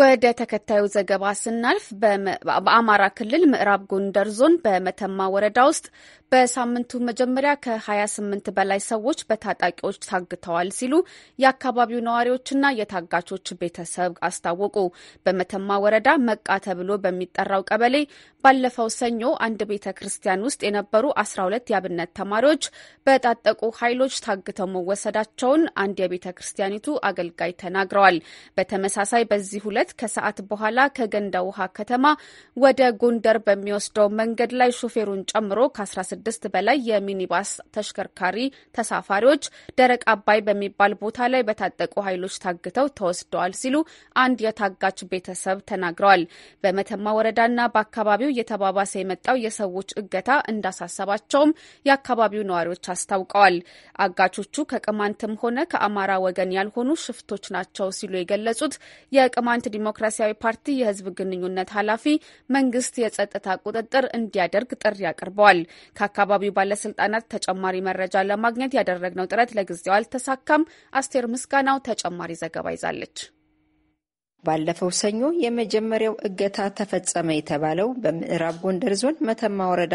ወደ ተከታዩ ዘገባ ስናልፍ በአማራ ክልል ምዕራብ ጎንደር ዞን በመተማ ወረዳ ውስጥ በሳምንቱ መጀመሪያ ከ28 በላይ ሰዎች በታጣቂዎች ታግተዋል ሲሉ የአካባቢው ነዋሪዎችና የታጋቾች ቤተሰብ አስታወቁ። በመተማ ወረዳ መቃ ተብሎ በሚጠራው ቀበሌ ባለፈው ሰኞ አንድ ቤተ ክርስቲያን ውስጥ የነበሩ 12 የአብነት ተማሪዎች በታጠቁ ኃይሎች ታግተው መወሰዳቸውን አንድ የቤተ ክርስቲያኒቱ አገልጋይ ተናግረዋል። በተመሳሳይ በዚህ ሁለት ዕለት ከሰዓት በኋላ ከገንዳ ውሃ ከተማ ወደ ጎንደር በሚወስደው መንገድ ላይ ሾፌሩን ጨምሮ ከ16 በላይ የሚኒባስ ተሽከርካሪ ተሳፋሪዎች ደረቅ አባይ በሚባል ቦታ ላይ በታጠቁ ኃይሎች ታግተው ተወስደዋል ሲሉ አንድ የታጋች ቤተሰብ ተናግረዋል። በመተማ ወረዳና በአካባቢው እየተባባሰ የመጣው የሰዎች እገታ እንዳሳሰባቸውም የአካባቢው ነዋሪዎች አስታውቀዋል። አጋቾቹ ከቅማንትም ሆነ ከአማራ ወገን ያልሆኑ ሽፍቶች ናቸው ሲሉ የገለጹት የቅማንት ዲሞክራሲያዊ ፓርቲ የህዝብ ግንኙነት ኃላፊ መንግስት የጸጥታ ቁጥጥር እንዲያደርግ ጥሪ አቅርበዋል። ከአካባቢው ባለስልጣናት ተጨማሪ መረጃ ለማግኘት ያደረግነው ጥረት ለጊዜው አልተሳካም። አስቴር ምስጋናው ተጨማሪ ዘገባ ይዛለች። ባለፈው ሰኞ የመጀመሪያው እገታ ተፈጸመ የተባለው በምዕራብ ጎንደር ዞን መተማ ወረዳ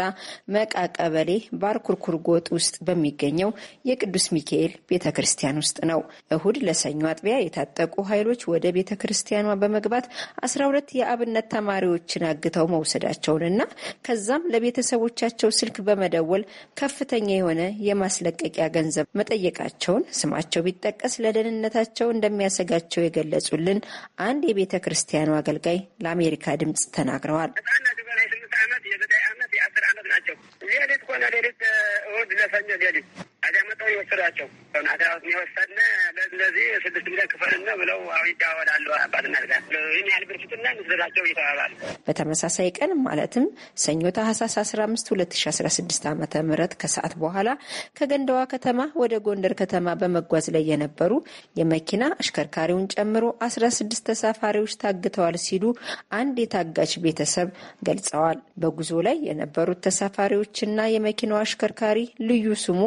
መቃ ቀበሌ ባርኩርኩር ጎጥ ውስጥ በሚገኘው የቅዱስ ሚካኤል ቤተ ክርስቲያን ውስጥ ነው። እሁድ ለሰኞ አጥቢያ የታጠቁ ኃይሎች ወደ ቤተ ክርስቲያኗ በመግባት አስራ ሁለት የአብነት ተማሪዎችን አግተው መውሰዳቸውንና ከዛም ለቤተሰቦቻቸው ስልክ በመደወል ከፍተኛ የሆነ የማስለቀቂያ ገንዘብ መጠየቃቸውን ስማቸው ቢጠቀስ ለደህንነታቸው እንደሚያሰጋቸው የገለጹልን አንድ አንድ የቤተ ክርስቲያኑ አገልጋይ ለአሜሪካ ድምፅ ተናግረዋል። የዘጠኝ ዓመት የአስር ዓመት ናቸው። ሌሊት ከሆነ ሌሊት እሁድ ለሰኞ ሌሊት አዳመጠው የወሰዳቸው ናዳት የወሰድነ ለዚህ ስድስት ሚሊዮን ክፈልና ብለው አሁን ይደዋወላሉ። አባትና ጋር ይህን ያህል ብርፊትና ስጡና እንስደዳቸው እየተባባሉ በተመሳሳይ ቀን ማለትም ሰኞ ታህሳስ አስራ አምስት ሁለት ሺ አስራ ስድስት ዓመተ ምህረት ከሰዓት በኋላ ከገንደዋ ከተማ ወደ ጎንደር ከተማ በመጓዝ ላይ የነበሩ የመኪና አሽከርካሪውን ጨምሮ አስራ ስድስት ተሳፋሪዎች ታግተዋል ሲሉ አንድ የታጋች ቤተሰብ ገልጸዋል። በጉዞ ላይ የነበሩት ተሳፋሪዎችና የመኪናው አሽከርካሪ ልዩ ስሙ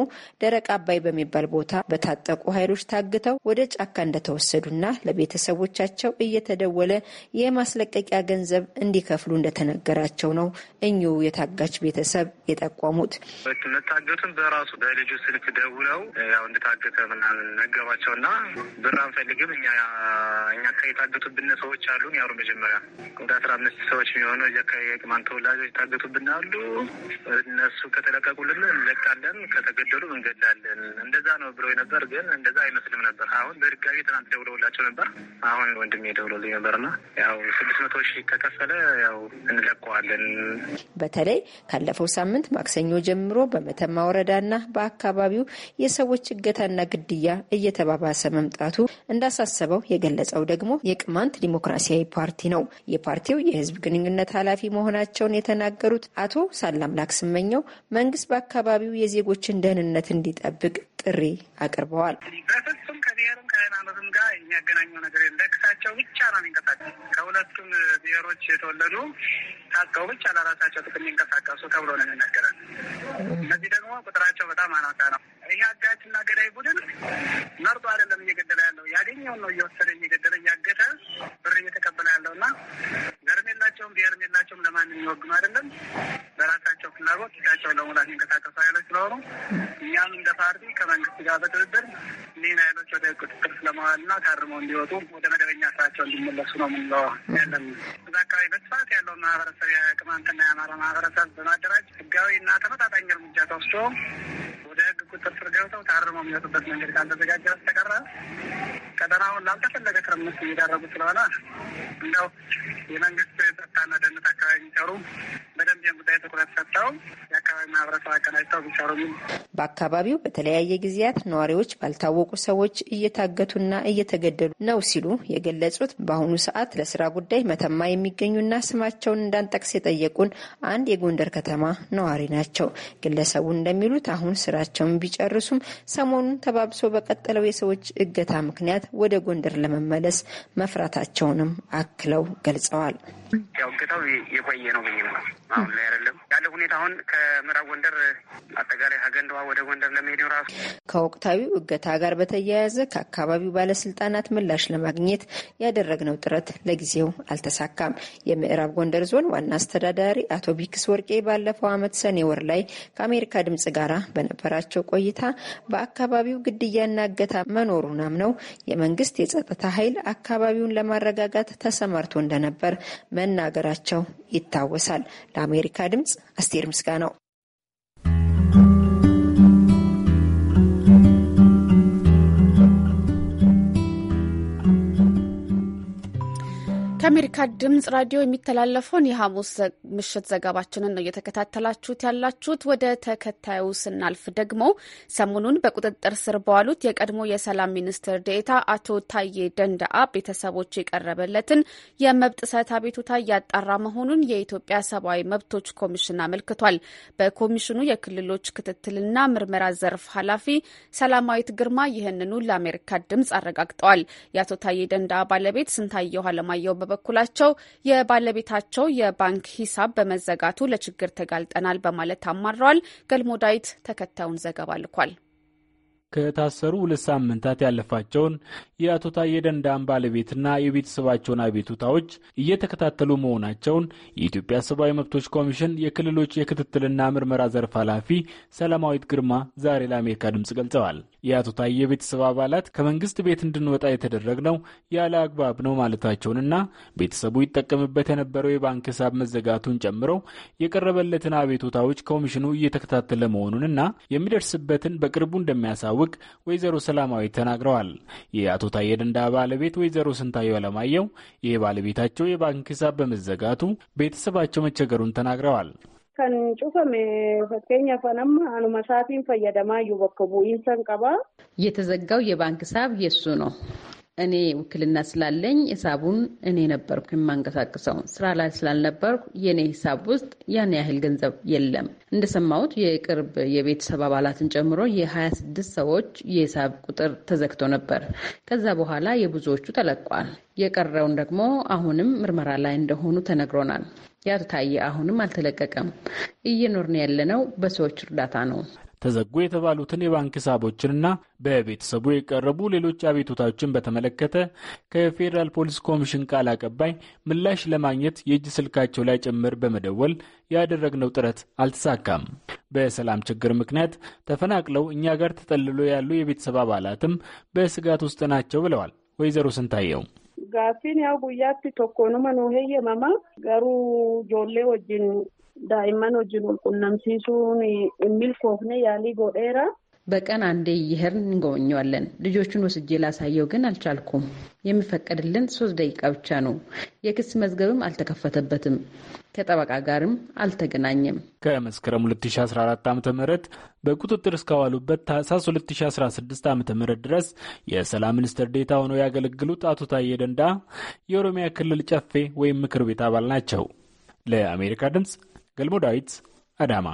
ደረቅ አባይ በሚባል ቦታ በታጠቁ ኃይሎች ታግተው ወደ ጫካ እንደተወሰዱና ለቤተሰቦቻቸው እየተደወለ የማስለቀቂያ ገንዘብ እንዲከፍሉ እንደተነገራቸው ነው እኚሁ የታጋች ቤተሰብ የጠቋሙት። መታገቱን በራሱ በልጁ ስልክ ደውለው ያው እንደታገተ ምናምን ነገሯቸውና ብር አንፈልግም እኛ እኛ የታገቱብን ሰዎች አሉ ያሉ መጀመሪያ ወደ አስራ አምስት ሰዎች የሚሆነው እዚ አካባቢ የቅማንት ተወላጆች የታገቱብን አሉ እነሱ ከተለቀቁልን እንለቃለን ከተገደሉ መንገድ እንረዳለን እንደዛ ነው ብሎ ነበር። ግን እንደዛ አይመስልም ነበር። አሁን በድጋሚ ትናንት ደውለውላቸው ነበር። አሁን ወንድሜ ደውሎልኝ ነበርና ያው ስድስት መቶ ሺህ ከከፈለ ያው እንለቀዋለን። በተለይ ካለፈው ሳምንት ማክሰኞ ጀምሮ በመተማ ወረዳና በአካባቢው የሰዎች እገታና ግድያ እየተባባሰ መምጣቱ እንዳሳሰበው የገለጸው ደግሞ የቅማንት ዲሞክራሲያዊ ፓርቲ ነው። የፓርቲው የህዝብ ግንኙነት ኃላፊ መሆናቸውን የተናገሩት አቶ ሳላምላክ ስመኘው መንግስት በአካባቢው የዜጎችን ደህንነት እንዲ እንዲጠብቅ ጥሪ አቅርበዋል። በፍጹም ከብሔርም ከሃይማኖትም ጋር የሚያገናኘው ነገር የለ። ለክሳቸው ብቻ ነው የሚንቀሳቀሱ ከሁለቱም ብሔሮች የተወለዱ ታጥቀው ብቻ ለራሳቸው ጥቅም የሚንቀሳቀሱ ተብሎ ነው የሚነገረን። እነዚህ ደግሞ ቁጥራቸው በጣም አናሳ ነው። ይህ አጋችና ገዳይ ቡድን መርጦ አይደለም እየገደለ ያለው፣ ያገኘውን ነው እየወሰደ እየገደለ እያገተ ብር እየተቀበለ ያለው ና። የላቸውም፣ ብሔርም የላቸውም፣ ለማንም የሚወግም አይደለም። በራሳቸው ፍላጎት ፊታቸውን ለሙላት የሚንቀሳቀሱ ኃይሎች ስለሆኑ እኛም እንደ ፓርቲ ከመንግስት ጋር በትብብር እኒህን ኃይሎች ወደ ቁጥጥር ስለመዋልና ታርመው እንዲወጡ ወደ መደበኛ ስራቸው እንዲመለሱ ነው የምንለው። ያለን እዛ አካባቢ በስፋት ያለውን ማህበረሰብ የቅማንትና የአማራ ማህበረሰብ በማደራጅ ህጋዊ እና ተመጣጣኝ እርምጃ ተወስዶ ወደ ህግ ቁጥጥር ስር ገብተው ታርመው የሚወጡበት መንገድ ካልተዘጋጀ በስተቀረ ቀጠናውን ላልተፈለገ ትርምስ እየዳረጉ ስለሆነ እንደው የመንግስት ጸጥታና ደህንነት አካባቢ የሚሰሩ በደንብ ጉዳይ ትኩረት ሰጥተው የአካባቢ ማህበረሰብ አቀናጅተው ቢሰሩ ሚል በአካባቢው በተለያየ ጊዜያት ነዋሪዎች ባልታወቁ ሰዎች እየታገቱና እየተገደሉ ነው ሲሉ የገለጹት በአሁኑ ሰዓት ለስራ ጉዳይ መተማ የሚገኙና ስማቸውን እንዳንጠቅስ የጠየቁን አንድ የጎንደር ከተማ ነዋሪ ናቸው። ግለሰቡ እንደሚሉት አሁን ስራቸውን ቢጨርሱም ሰሞኑን ተባብሶ በቀጠለው የሰዎች እገታ ምክንያት ወደ ጎንደር ለመመለስ መፍራታቸውንም አክለው ገልጸዋል። ያው እገታው የቆየ ነው ብዬ ነው አሁን ላይ አይደለም ያለ ሁኔታ አሁን ከምዕራብ ጎንደር አጠቃላይ ሀገንደዋ ወደ ጎንደር ለመሄድ ራሱ ከወቅታዊው እገታ ጋር በተያያዘ ከአካባቢው ባለስልጣናት ምላሽ ለማግኘት ያደረግነው ጥረት ለጊዜው አልተሳካም። የምዕራብ ጎንደር ዞን ዋና አስተዳዳሪ አቶ ቢክስ ወርቄ ባለፈው ዓመት ሰኔ ወር ላይ ከአሜሪካ ድምጽ ጋራ በነበራቸው ቆይታ በአካባቢው ግድያና እገታ መኖሩን አምነው የመንግስት የጸጥታ ኃይል አካባቢውን ለማረጋጋት ተሰማርቶ እንደነበር መናገራቸው ይታወሳል። ለአሜሪካ ድምጽ አስቴር ነው። ከአሜሪካ ድምጽ ራዲዮ የሚተላለፈውን የሐሙስ ምሽት ዘገባችንን ነው እየተከታተላችሁት ያላችሁት። ወደ ተከታዩ ስናልፍ ደግሞ ሰሞኑን በቁጥጥር ስር በዋሉት የቀድሞ የሰላም ሚኒስትር ዴኤታ አቶ ታዬ ደንዳአ ቤተሰቦች የቀረበለትን የመብት ጥሰት አቤቱታ እያጣራ መሆኑን የኢትዮጵያ ሰብአዊ መብቶች ኮሚሽን አመልክቷል። በኮሚሽኑ የክልሎች ክትትልና ምርመራ ዘርፍ ኃላፊ ሰላማዊት ግርማ ይህንኑ ለአሜሪካ ድምጽ አረጋግጠዋል። የአቶ ታዬ ደንዳአ ባለቤት ስንታየው አለማየሁ በበኩላቸው የባለቤታቸው የባንክ ሂሳብ በመዘጋቱ ለችግር ተጋልጠናል በማለት አማረዋል። ገልሞ ዳዊት ተከታዩን ዘገባ ልኳል። ከታሰሩ ሁለት ሳምንታት ያለፋቸውን የአቶ ታዬ ደንዳን ባለቤትና የቤተሰባቸውን አቤቱታዎች እየተከታተሉ መሆናቸውን የኢትዮጵያ ሰብአዊ መብቶች ኮሚሽን የክልሎች የክትትልና ምርመራ ዘርፍ ኃላፊ ሰላማዊት ግርማ ዛሬ ለአሜሪካ ድምፅ ገልጸዋል። የአቶ ታዬ ቤተሰብ አባላት ከመንግስት ቤት እንድንወጣ የተደረግነው ያለ አግባብ ነው ማለታቸውንና ቤተሰቡ ይጠቀምበት የነበረው የባንክ ሂሳብ መዘጋቱን ጨምሮ የቀረበለትን አቤቱታዎች ኮሚሽኑ እየተከታተለ መሆኑንና የሚደርስበትን በቅርቡ እንደሚያሳውቅ ወይዘሮ ሰላማዊ ተናግረዋል። የአቶ ታዬ ደንዳ ባለቤት ወይዘሮ ስንታየው አለማየው ይህ ባለቤታቸው የባንክ ሂሳብ በመዘጋቱ ቤተሰባቸው መቸገሩን ተናግረዋል። kan cufame fakkeenyaaf amma anuma isaatiin fayyadamaa iyyuu bakka bu'iinsa hin qabaa። የተዘጋው የባንክ ሳብ የሱ እኔ ውክልና ስላለኝ ሂሳቡን እኔ ነበርኩ የማንቀሳቅሰው። ስራ ላይ ስላልነበርኩ የእኔ ሂሳብ ውስጥ ያን ያህል ገንዘብ የለም። እንደሰማሁት የቅርብ የቤተሰብ አባላትን ጨምሮ የ26 ሰዎች የሂሳብ ቁጥር ተዘግቶ ነበር። ከዛ በኋላ የብዙዎቹ ተለቋል። የቀረውን ደግሞ አሁንም ምርመራ ላይ እንደሆኑ ተነግሮናል። ያቶ ታዬ አሁንም አልተለቀቀም። እየኖርን ያለነው በሰዎች እርዳታ ነው። ተዘጉ የተባሉትን የባንክ ሂሳቦችንና በቤተሰቡ የቀረቡ ሌሎች አቤቱታዎችን በተመለከተ ከፌዴራል ፖሊስ ኮሚሽን ቃል አቀባይ ምላሽ ለማግኘት የእጅ ስልካቸው ላይ ጭምር በመደወል ያደረግነው ጥረት አልተሳካም። በሰላም ችግር ምክንያት ተፈናቅለው እኛ ጋር ተጠልሎ ያሉ የቤተሰብ አባላትም በስጋት ውስጥ ናቸው ብለዋል ወይዘሮ ስንታየው። ጋፊን ያው ጉያት ቶኮኑመ ኑሄየመማ ገሩ ጆሌ ወጅን daa'imman wajjin wal quunnamsiisuun milkoofne yaalii godheera። በቀን አንዴ እየሄድን እንጎበኘዋለን። ልጆቹን ወስጄ ላሳየው ግን አልቻልኩም። የሚፈቀድልን ሶስት ደቂቃ ብቻ ነው። የክስ መዝገብም አልተከፈተበትም። ከጠበቃ ጋርም አልተገናኘም። ከመስከረም 2014 ዓ ም በቁጥጥር እስካዋሉበት ታህሳስ 2016 ዓ ም ድረስ የሰላም ሚኒስትር ዴታ ሆነው ያገለግሉት አቶ ታዬ ደንዳ የኦሮሚያ ክልል ጨፌ ወይም ምክር ቤት አባል ናቸው። ለአሜሪካ ድምፅ ገልሞ ዳዊት አዳማ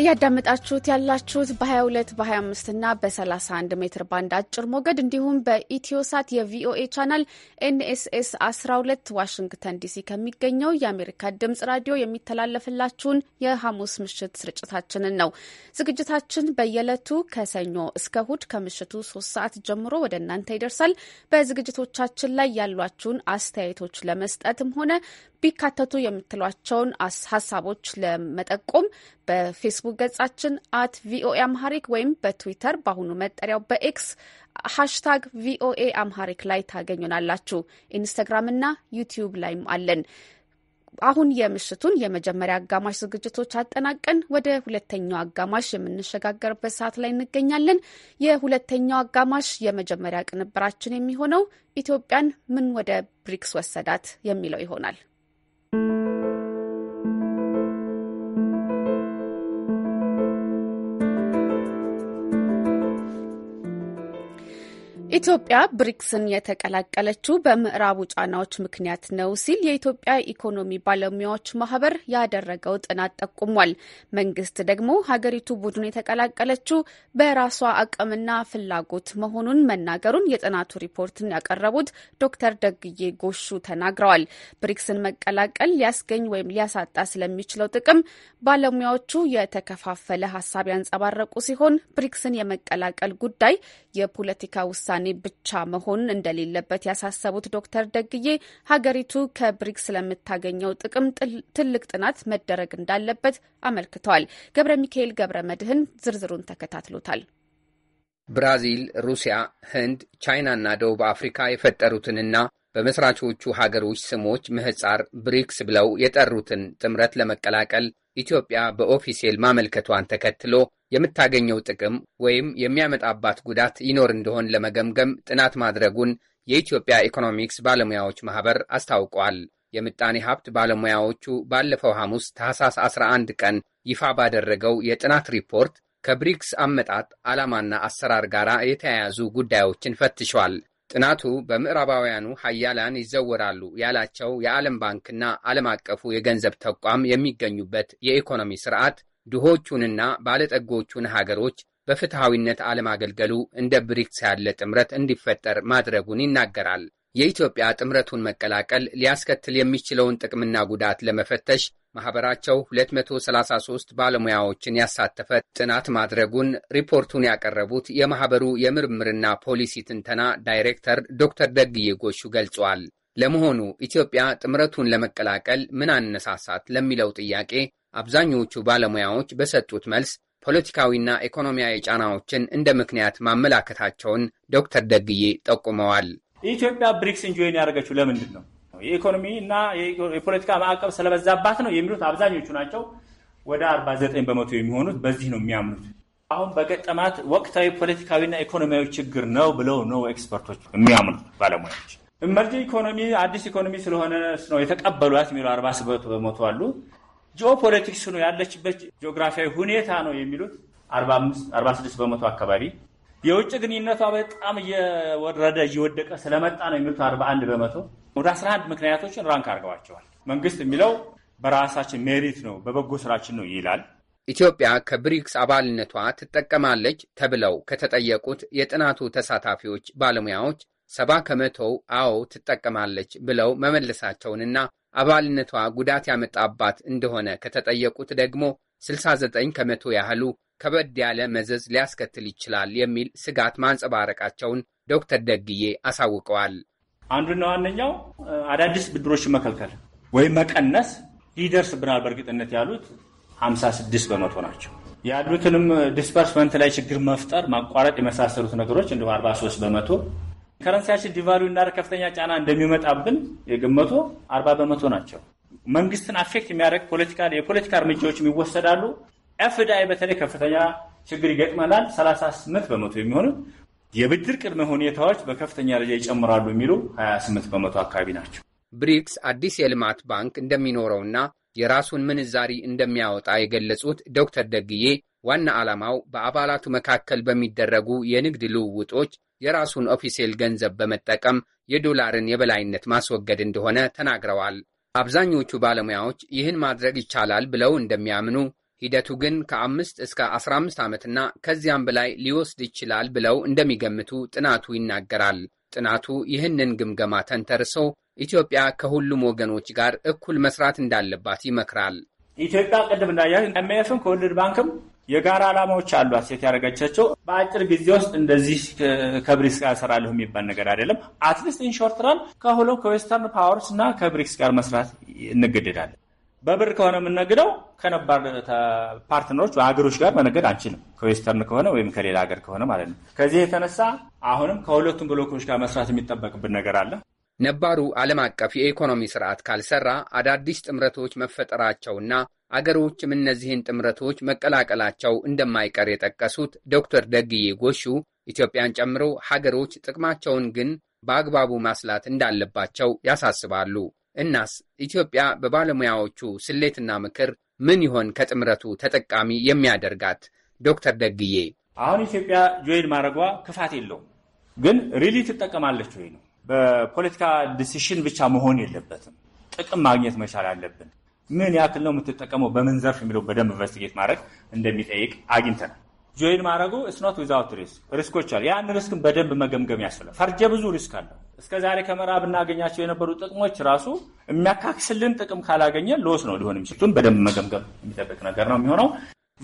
እያዳመጣችሁት ያላችሁት በ22 በ25 እና በ31 ሜትር ባንድ አጭር ሞገድ እንዲሁም በኢትዮሳት የቪኦኤ ቻናል ኤንኤስኤስ 12 ዋሽንግተን ዲሲ ከሚገኘው የአሜሪካ ድምጽ ራዲዮ የሚተላለፍላችሁን የሐሙስ ምሽት ስርጭታችንን ነው። ዝግጅታችን በየዕለቱ ከሰኞ እስከ እሁድ ከምሽቱ 3 ሰዓት ጀምሮ ወደ እናንተ ይደርሳል። በዝግጅቶቻችን ላይ ያሏችሁን አስተያየቶች ለመስጠትም ሆነ ቢካተቱ የምትሏቸውን ሀሳቦች ለመጠቆም በፌስቡክ ገጻችን አት ቪኦኤ አምሃሪክ ወይም በትዊተር በአሁኑ መጠሪያው በኤክስ ሃሽታግ ቪኦኤ አምሃሪክ ላይ ታገኙናላችሁ። ኢንስተግራም እና ዩቲዩብ ላይም አለን። አሁን የምሽቱን የመጀመሪያ አጋማሽ ዝግጅቶች አጠናቀን ወደ ሁለተኛው አጋማሽ የምንሸጋገርበት ሰዓት ላይ እንገኛለን። የሁለተኛው አጋማሽ የመጀመሪያ ቅንብራችን የሚሆነው ኢትዮጵያን ምን ወደ ብሪክስ ወሰዳት የሚለው ይሆናል። thank you ኢትዮጵያ ብሪክስን የተቀላቀለችው በምዕራቡ ጫናዎች ምክንያት ነው ሲል የኢትዮጵያ ኢኮኖሚ ባለሙያዎች ማህበር ያደረገው ጥናት ጠቁሟል። መንግስት ደግሞ ሀገሪቱ ቡድን የተቀላቀለችው በራሷ አቅምና ፍላጎት መሆኑን መናገሩን የጥናቱ ሪፖርትን ያቀረቡት ዶክተር ደግዬ ጎሹ ተናግረዋል። ብሪክስን መቀላቀል ሊያስገኝ ወይም ሊያሳጣ ስለሚችለው ጥቅም ባለሙያዎቹ የተከፋፈለ ሀሳብ ያንጸባረቁ ሲሆን ብሪክስን የመቀላቀል ጉዳይ የፖለቲካ ውሳኔ ውሳኔ ብቻ መሆን እንደሌለበት ያሳሰቡት ዶክተር ደግዬ ሀገሪቱ ከብሪክስ ስለምታገኘው ጥቅም ትልቅ ጥናት መደረግ እንዳለበት አመልክተዋል። ገብረ ሚካኤል ገብረ መድህን ዝርዝሩን ተከታትሎታል። ብራዚል፣ ሩሲያ፣ ህንድ፣ ቻይና እና ደቡብ አፍሪካ የፈጠሩትንና በመስራቾቹ ሀገሮች ስሞች ምህጻር ብሪክስ ብለው የጠሩትን ጥምረት ለመቀላቀል ኢትዮጵያ በኦፊሴል ማመልከቷን ተከትሎ የምታገኘው ጥቅም ወይም የሚያመጣባት ጉዳት ይኖር እንደሆን ለመገምገም ጥናት ማድረጉን የኢትዮጵያ ኢኮኖሚክስ ባለሙያዎች ማህበር አስታውቋል። የምጣኔ ሀብት ባለሙያዎቹ ባለፈው ሐሙስ ታኅሳስ 11 ቀን ይፋ ባደረገው የጥናት ሪፖርት ከብሪክስ አመጣጥ ዓላማና አሰራር ጋር የተያያዙ ጉዳዮችን ፈትሿል። ጥናቱ በምዕራባውያኑ ሀያላን ይዘወራሉ ያላቸው የዓለም ባንክና ዓለም አቀፉ የገንዘብ ተቋም የሚገኙበት የኢኮኖሚ ስርዓት ድሆቹንና ባለጠጎቹን ሀገሮች በፍትሐዊነት አለማገልገሉ እንደ ብሪክስ ያለ ጥምረት እንዲፈጠር ማድረጉን ይናገራል። የኢትዮጵያ ጥምረቱን መቀላቀል ሊያስከትል የሚችለውን ጥቅምና ጉዳት ለመፈተሽ ማኅበራቸው 233 ባለሙያዎችን ያሳተፈ ጥናት ማድረጉን ሪፖርቱን ያቀረቡት የማኅበሩ የምርምርና ፖሊሲ ትንተና ዳይሬክተር ዶክተር ደግዬ ጎሹ ገልጿል። ለመሆኑ ኢትዮጵያ ጥምረቱን ለመቀላቀል ምን አነሳሳት ለሚለው ጥያቄ አብዛኞቹ ባለሙያዎች በሰጡት መልስ ፖለቲካዊና ኢኮኖሚያዊ ጫናዎችን እንደ ምክንያት ማመላከታቸውን ዶክተር ደግዬ ጠቁመዋል። ኢትዮጵያ ብሪክስ እንጆይን ያደረገችው ለምንድን ነው? የኢኮኖሚ እና የፖለቲካ ማዕቀብ ስለበዛባት ነው የሚሉት አብዛኞቹ ናቸው። ወደ 49 በመቶ የሚሆኑት በዚህ ነው የሚያምኑት። አሁን በገጠማት ወቅታዊ ፖለቲካዊና ኢኮኖሚያዊ ችግር ነው ብለው ነው ኤክስፐርቶች የሚያምኑት ባለሙያዎች። ኢመርጂ ኢኮኖሚ አዲስ ኢኮኖሚ ስለሆነ ነው የተቀበሏት የሚሉ 47 በመቶ አሉ። ጂኦፖለቲክስ ነው ያለችበት ጂኦግራፊያዊ ሁኔታ ነው የሚሉት 46 በመቶ አካባቢ የውጭ ግንኙነቷ በጣም እየወረደ እየወደቀ ስለመጣ ነው የሚሉት 41 በመቶ። ወደ 11 ምክንያቶችን ራንክ አድርገዋቸዋል። መንግስት የሚለው በራሳችን ሜሪት ነው በበጎ ስራችን ነው ይላል። ኢትዮጵያ ከብሪክስ አባልነቷ ትጠቀማለች ተብለው ከተጠየቁት የጥናቱ ተሳታፊዎች ባለሙያዎች ሰባ ከመቶው አዎ ትጠቀማለች ብለው መመለሳቸውንና አባልነቷ ጉዳት ያመጣባት እንደሆነ ከተጠየቁት ደግሞ 69 ከመቶ ያህሉ ከበድ ያለ መዘዝ ሊያስከትል ይችላል የሚል ስጋት ማንጸባረቃቸውን ዶክተር ደግዬ አሳውቀዋል። አንዱና ዋነኛው አዳዲስ ብድሮችን መከልከል ወይም መቀነስ ይደርስብናል በእርግጥነት ያሉት 56 በመቶ ናቸው። ያሉትንም ዲስፐርስመንት ላይ ችግር መፍጠር፣ ማቋረጥ የመሳሰሉት ነገሮች እንዲሁም 43 በመቶ ከረንሲያችን ዲቫሉ እና ከፍተኛ ጫና እንደሚመጣብን የገመቱ አርባ በመቶ ናቸው። መንግስትን አፌክት የሚያደርግ ፖለቲካ የፖለቲካ እርምጃዎችም ይወሰዳሉ። ኤፍዳይ በተለይ ከፍተኛ ችግር ይገጥመናል። 38 በመቶ የሚሆኑ የብድር ቅድመ ሁኔታዎች በከፍተኛ ደረጃ ይጨምራሉ የሚሉ 28 በመቶ አካባቢ ናቸው። ብሪክስ አዲስ የልማት ባንክ እንደሚኖረውና የራሱን ምንዛሪ እንደሚያወጣ የገለጹት ዶክተር ደግዬ ዋና ዓላማው በአባላቱ መካከል በሚደረጉ የንግድ ልውውጦች የራሱን ኦፊሴል ገንዘብ በመጠቀም የዶላርን የበላይነት ማስወገድ እንደሆነ ተናግረዋል። አብዛኞቹ ባለሙያዎች ይህን ማድረግ ይቻላል ብለው እንደሚያምኑ ሂደቱ ግን ከአምስት እስከ 15 ዓመትና ከዚያም በላይ ሊወስድ ይችላል ብለው እንደሚገምቱ ጥናቱ ይናገራል። ጥናቱ ይህንን ግምገማ ተንተርሶ ኢትዮጵያ ከሁሉም ወገኖች ጋር እኩል መስራት እንዳለባት ይመክራል። ኢትዮጵያ ቅድም እንዳያ ኤም ከወልድ ባንክም የጋራ ዓላማዎች አሏት። ሴት ያደረገቻቸው በአጭር ጊዜ ውስጥ እንደዚህ ከብሪክስ ጋር እሰራለሁ የሚባል ነገር አይደለም። አትሊስት ኢንሾርትራል ከሁሎ ከዌስተርን ፓወርስ እና ከብሪክስ ጋር መስራት እንገደዳለን። በብር ከሆነ የምነግደው ከነባር ፓርትነሮች ሀገሮች ጋር መነገድ አንችልም። ከዌስተርን ከሆነ ወይም ከሌላ ሀገር ከሆነ ማለት ነው። ከዚህ የተነሳ አሁንም ከሁለቱም ብሎኮች ጋር መስራት የሚጠበቅብን ነገር አለ። ነባሩ ዓለም አቀፍ የኢኮኖሚ ስርዓት ካልሰራ አዳዲስ ጥምረቶች መፈጠራቸውና አገሮችም እነዚህን ጥምረቶች መቀላቀላቸው እንደማይቀር የጠቀሱት ዶክተር ደግዬ ጎሹ ኢትዮጵያን ጨምሮ ሀገሮች ጥቅማቸውን ግን በአግባቡ ማስላት እንዳለባቸው ያሳስባሉ። እናስ ኢትዮጵያ በባለሙያዎቹ ስሌትና ምክር ምን ይሆን ከጥምረቱ ተጠቃሚ የሚያደርጋት? ዶክተር ደግዬ አሁን ኢትዮጵያ ጆይን ማድረጓ ክፋት የለውም፣ ግን ሪሊ ትጠቀማለች ወይ ነው። በፖለቲካ ዲሲሽን ብቻ መሆን የለበትም። ጥቅም ማግኘት መቻል አለብን። ምን ያክል ነው የምትጠቀመው፣ በምን ዘርፍ የሚለው በደንብ ኢንቨስቲጌት ማድረግ እንደሚጠይቅ አግኝተናል። ጆይን ማድረጉ ስኖት ዊዛውት ሪስክ ሪስኮች አሉ። ያን ሪስክን በደንብ መገምገም ያስፈልጋል። ፈርጀ ብዙ ሪስክ አለው። እስከ ዛሬ ከምዕራብ እናገኛቸው የነበሩ ጥቅሞች ራሱ የሚያካክስልን ጥቅም ካላገኘ ሎስ ነው ሊሆን የሚችሉትን በደንብ መገምገም የሚጠበቅ ነገር ነው የሚሆነው።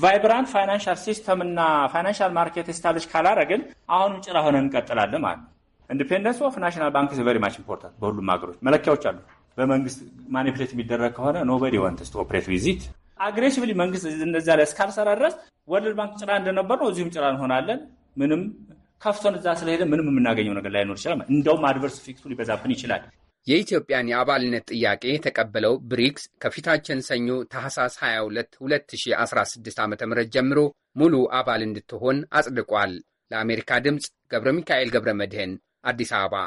ቫይብራንት ፋይናንሻል ሲስተም እና ፋይናንሻል ማርኬት ስታልጅ ካላረግን አሁንም ጭራ ሆነን እንቀጥላለን ማለት ነው። ኢንዲፔንደንስ ኦፍ ናሽናል ባንክ ቨሪ ማች ኢምፖርታንት። በሁሉም ሀገሮች መለኪያዎች አሉ። በመንግስት ማኒፕሌት የሚደረግ ከሆነ ኖበዲ ዋንትስ ኦፕሬት ቪዚት አግሬሲቭሊ መንግስት እነዚያ ላይ እስካልሰራ ድረስ ወርልድ ባንክ ጭራ እንደነበር ነው። እዚሁም ጭራ እንሆናለን። ምንም ከፍቶን እዛ ስለሄደ ምንም የምናገኘው ነገር ላይኖር ይችላል። እንደውም አድቨርስ ፊክቱ ሊበዛብን ይችላል። የኢትዮጵያን የአባልነት ጥያቄ የተቀበለው ብሪክስ ከፊታችን ሰኞ ታህሳስ 22 2016 ዓ ም ጀምሮ ሙሉ አባል እንድትሆን አጽድቋል። ለአሜሪካ ድምፅ ገብረ ሚካኤል ገብረ መድህን አዲስ አበባ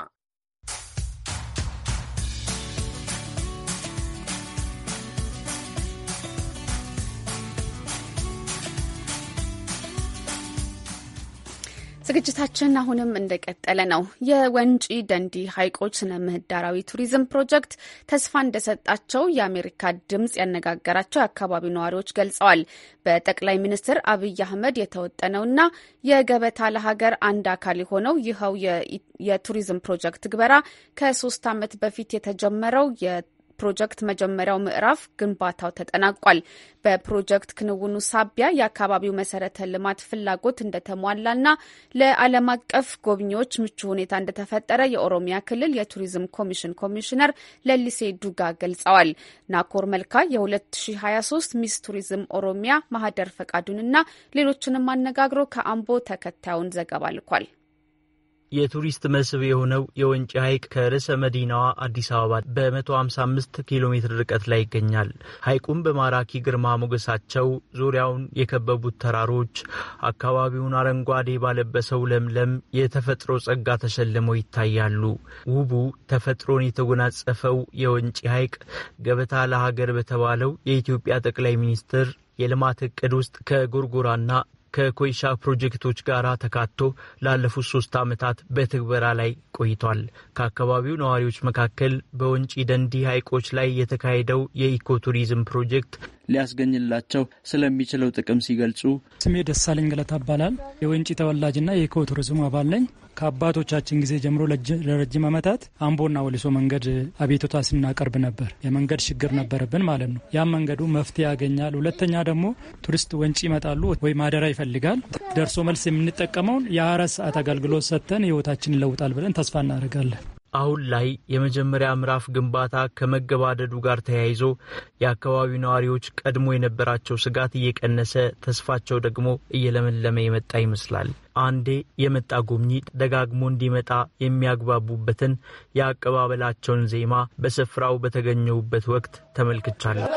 ዝግጅታችን አሁንም እንደቀጠለ ነው። የወንጪ ደንዲ ሐይቆች ስነ ምህዳራዊ ቱሪዝም ፕሮጀክት ተስፋ እንደሰጣቸው የአሜሪካ ድምፅ ያነጋገራቸው የአካባቢው ነዋሪዎች ገልጸዋል። በጠቅላይ ሚኒስትር አብይ አህመድ የተወጠነውና የገበታ ለሀገር አንድ አካል የሆነው ይኸው የቱሪዝም ፕሮጀክት ግበራ ከሶስት ዓመት በፊት የተጀመረው ፕሮጀክት መጀመሪያው ምዕራፍ ግንባታው ተጠናቋል። በፕሮጀክት ክንውኑ ሳቢያ የአካባቢው መሰረተ ልማት ፍላጎት እንደተሟላና ለዓለም አቀፍ ጎብኚዎች ምቹ ሁኔታ እንደተፈጠረ የኦሮሚያ ክልል የቱሪዝም ኮሚሽን ኮሚሽነር ለሊሴ ዱጋ ገልጸዋል። ናኮር መልካ የ2023 ሚስ ቱሪዝም ኦሮሚያ ማህደር ፈቃዱንና ሌሎችንም አነጋግሮ ከአምቦ ተከታዩን ዘገባ ልኳል። የቱሪስት መስህብ የሆነው የወንጪ ሐይቅ ከርዕሰ መዲናዋ አዲስ አበባ በ155 ኪሎ ሜትር ርቀት ላይ ይገኛል። ሐይቁም በማራኪ ግርማ ሞገሳቸው ዙሪያውን የከበቡት ተራሮች አካባቢውን አረንጓዴ ባለበሰው ለምለም የተፈጥሮ ጸጋ ተሸልመው ይታያሉ። ውቡ ተፈጥሮን የተጎናጸፈው የወንጪ ሐይቅ ገበታ ለሀገር በተባለው የኢትዮጵያ ጠቅላይ ሚኒስትር የልማት እቅድ ውስጥ ከጎርጎራና ከኮይሻ ፕሮጀክቶች ጋር ተካቶ ላለፉት ሶስት ዓመታት በትግበራ ላይ ቆይቷል። ከአካባቢው ነዋሪዎች መካከል በወንጪ ደንዲ ሐይቆች ላይ የተካሄደው የኢኮቱሪዝም ፕሮጀክት ሊያስገኝላቸው ስለሚችለው ጥቅም ሲገልጹ ስሜ ደሳለኝ ገለታ ይባላል። የወንጪ ተወላጅና የኢኮ ቱሪዝም አባል ነኝ። ከአባቶቻችን ጊዜ ጀምሮ ለረጅም ዓመታት አምቦና ወሊሶ መንገድ አቤቱታ ስናቀርብ ነበር። የመንገድ ችግር ነበረብን ማለት ነው። ያም መንገዱ መፍትሄ ያገኛል። ሁለተኛ ደግሞ ቱሪስት ወንጪ ይመጣሉ ወይ ማደራ ይፈልጋል። ደርሶ መልስ የምንጠቀመውን የአራት ሰዓት አገልግሎት ሰጥተን ህይወታችን ይለውጣል ብለን ተስፋ እናደርጋለን። አሁን ላይ የመጀመሪያ ምዕራፍ ግንባታ ከመገባደዱ ጋር ተያይዞ የአካባቢው ነዋሪዎች ቀድሞ የነበራቸው ስጋት እየቀነሰ ተስፋቸው ደግሞ እየለመለመ የመጣ ይመስላል። አንዴ የመጣ ጎብኚ ደጋግሞ እንዲመጣ የሚያግባቡበትን የአቀባበላቸውን ዜማ በስፍራው በተገኘሁበት ወቅት ተመልክቻለሁ።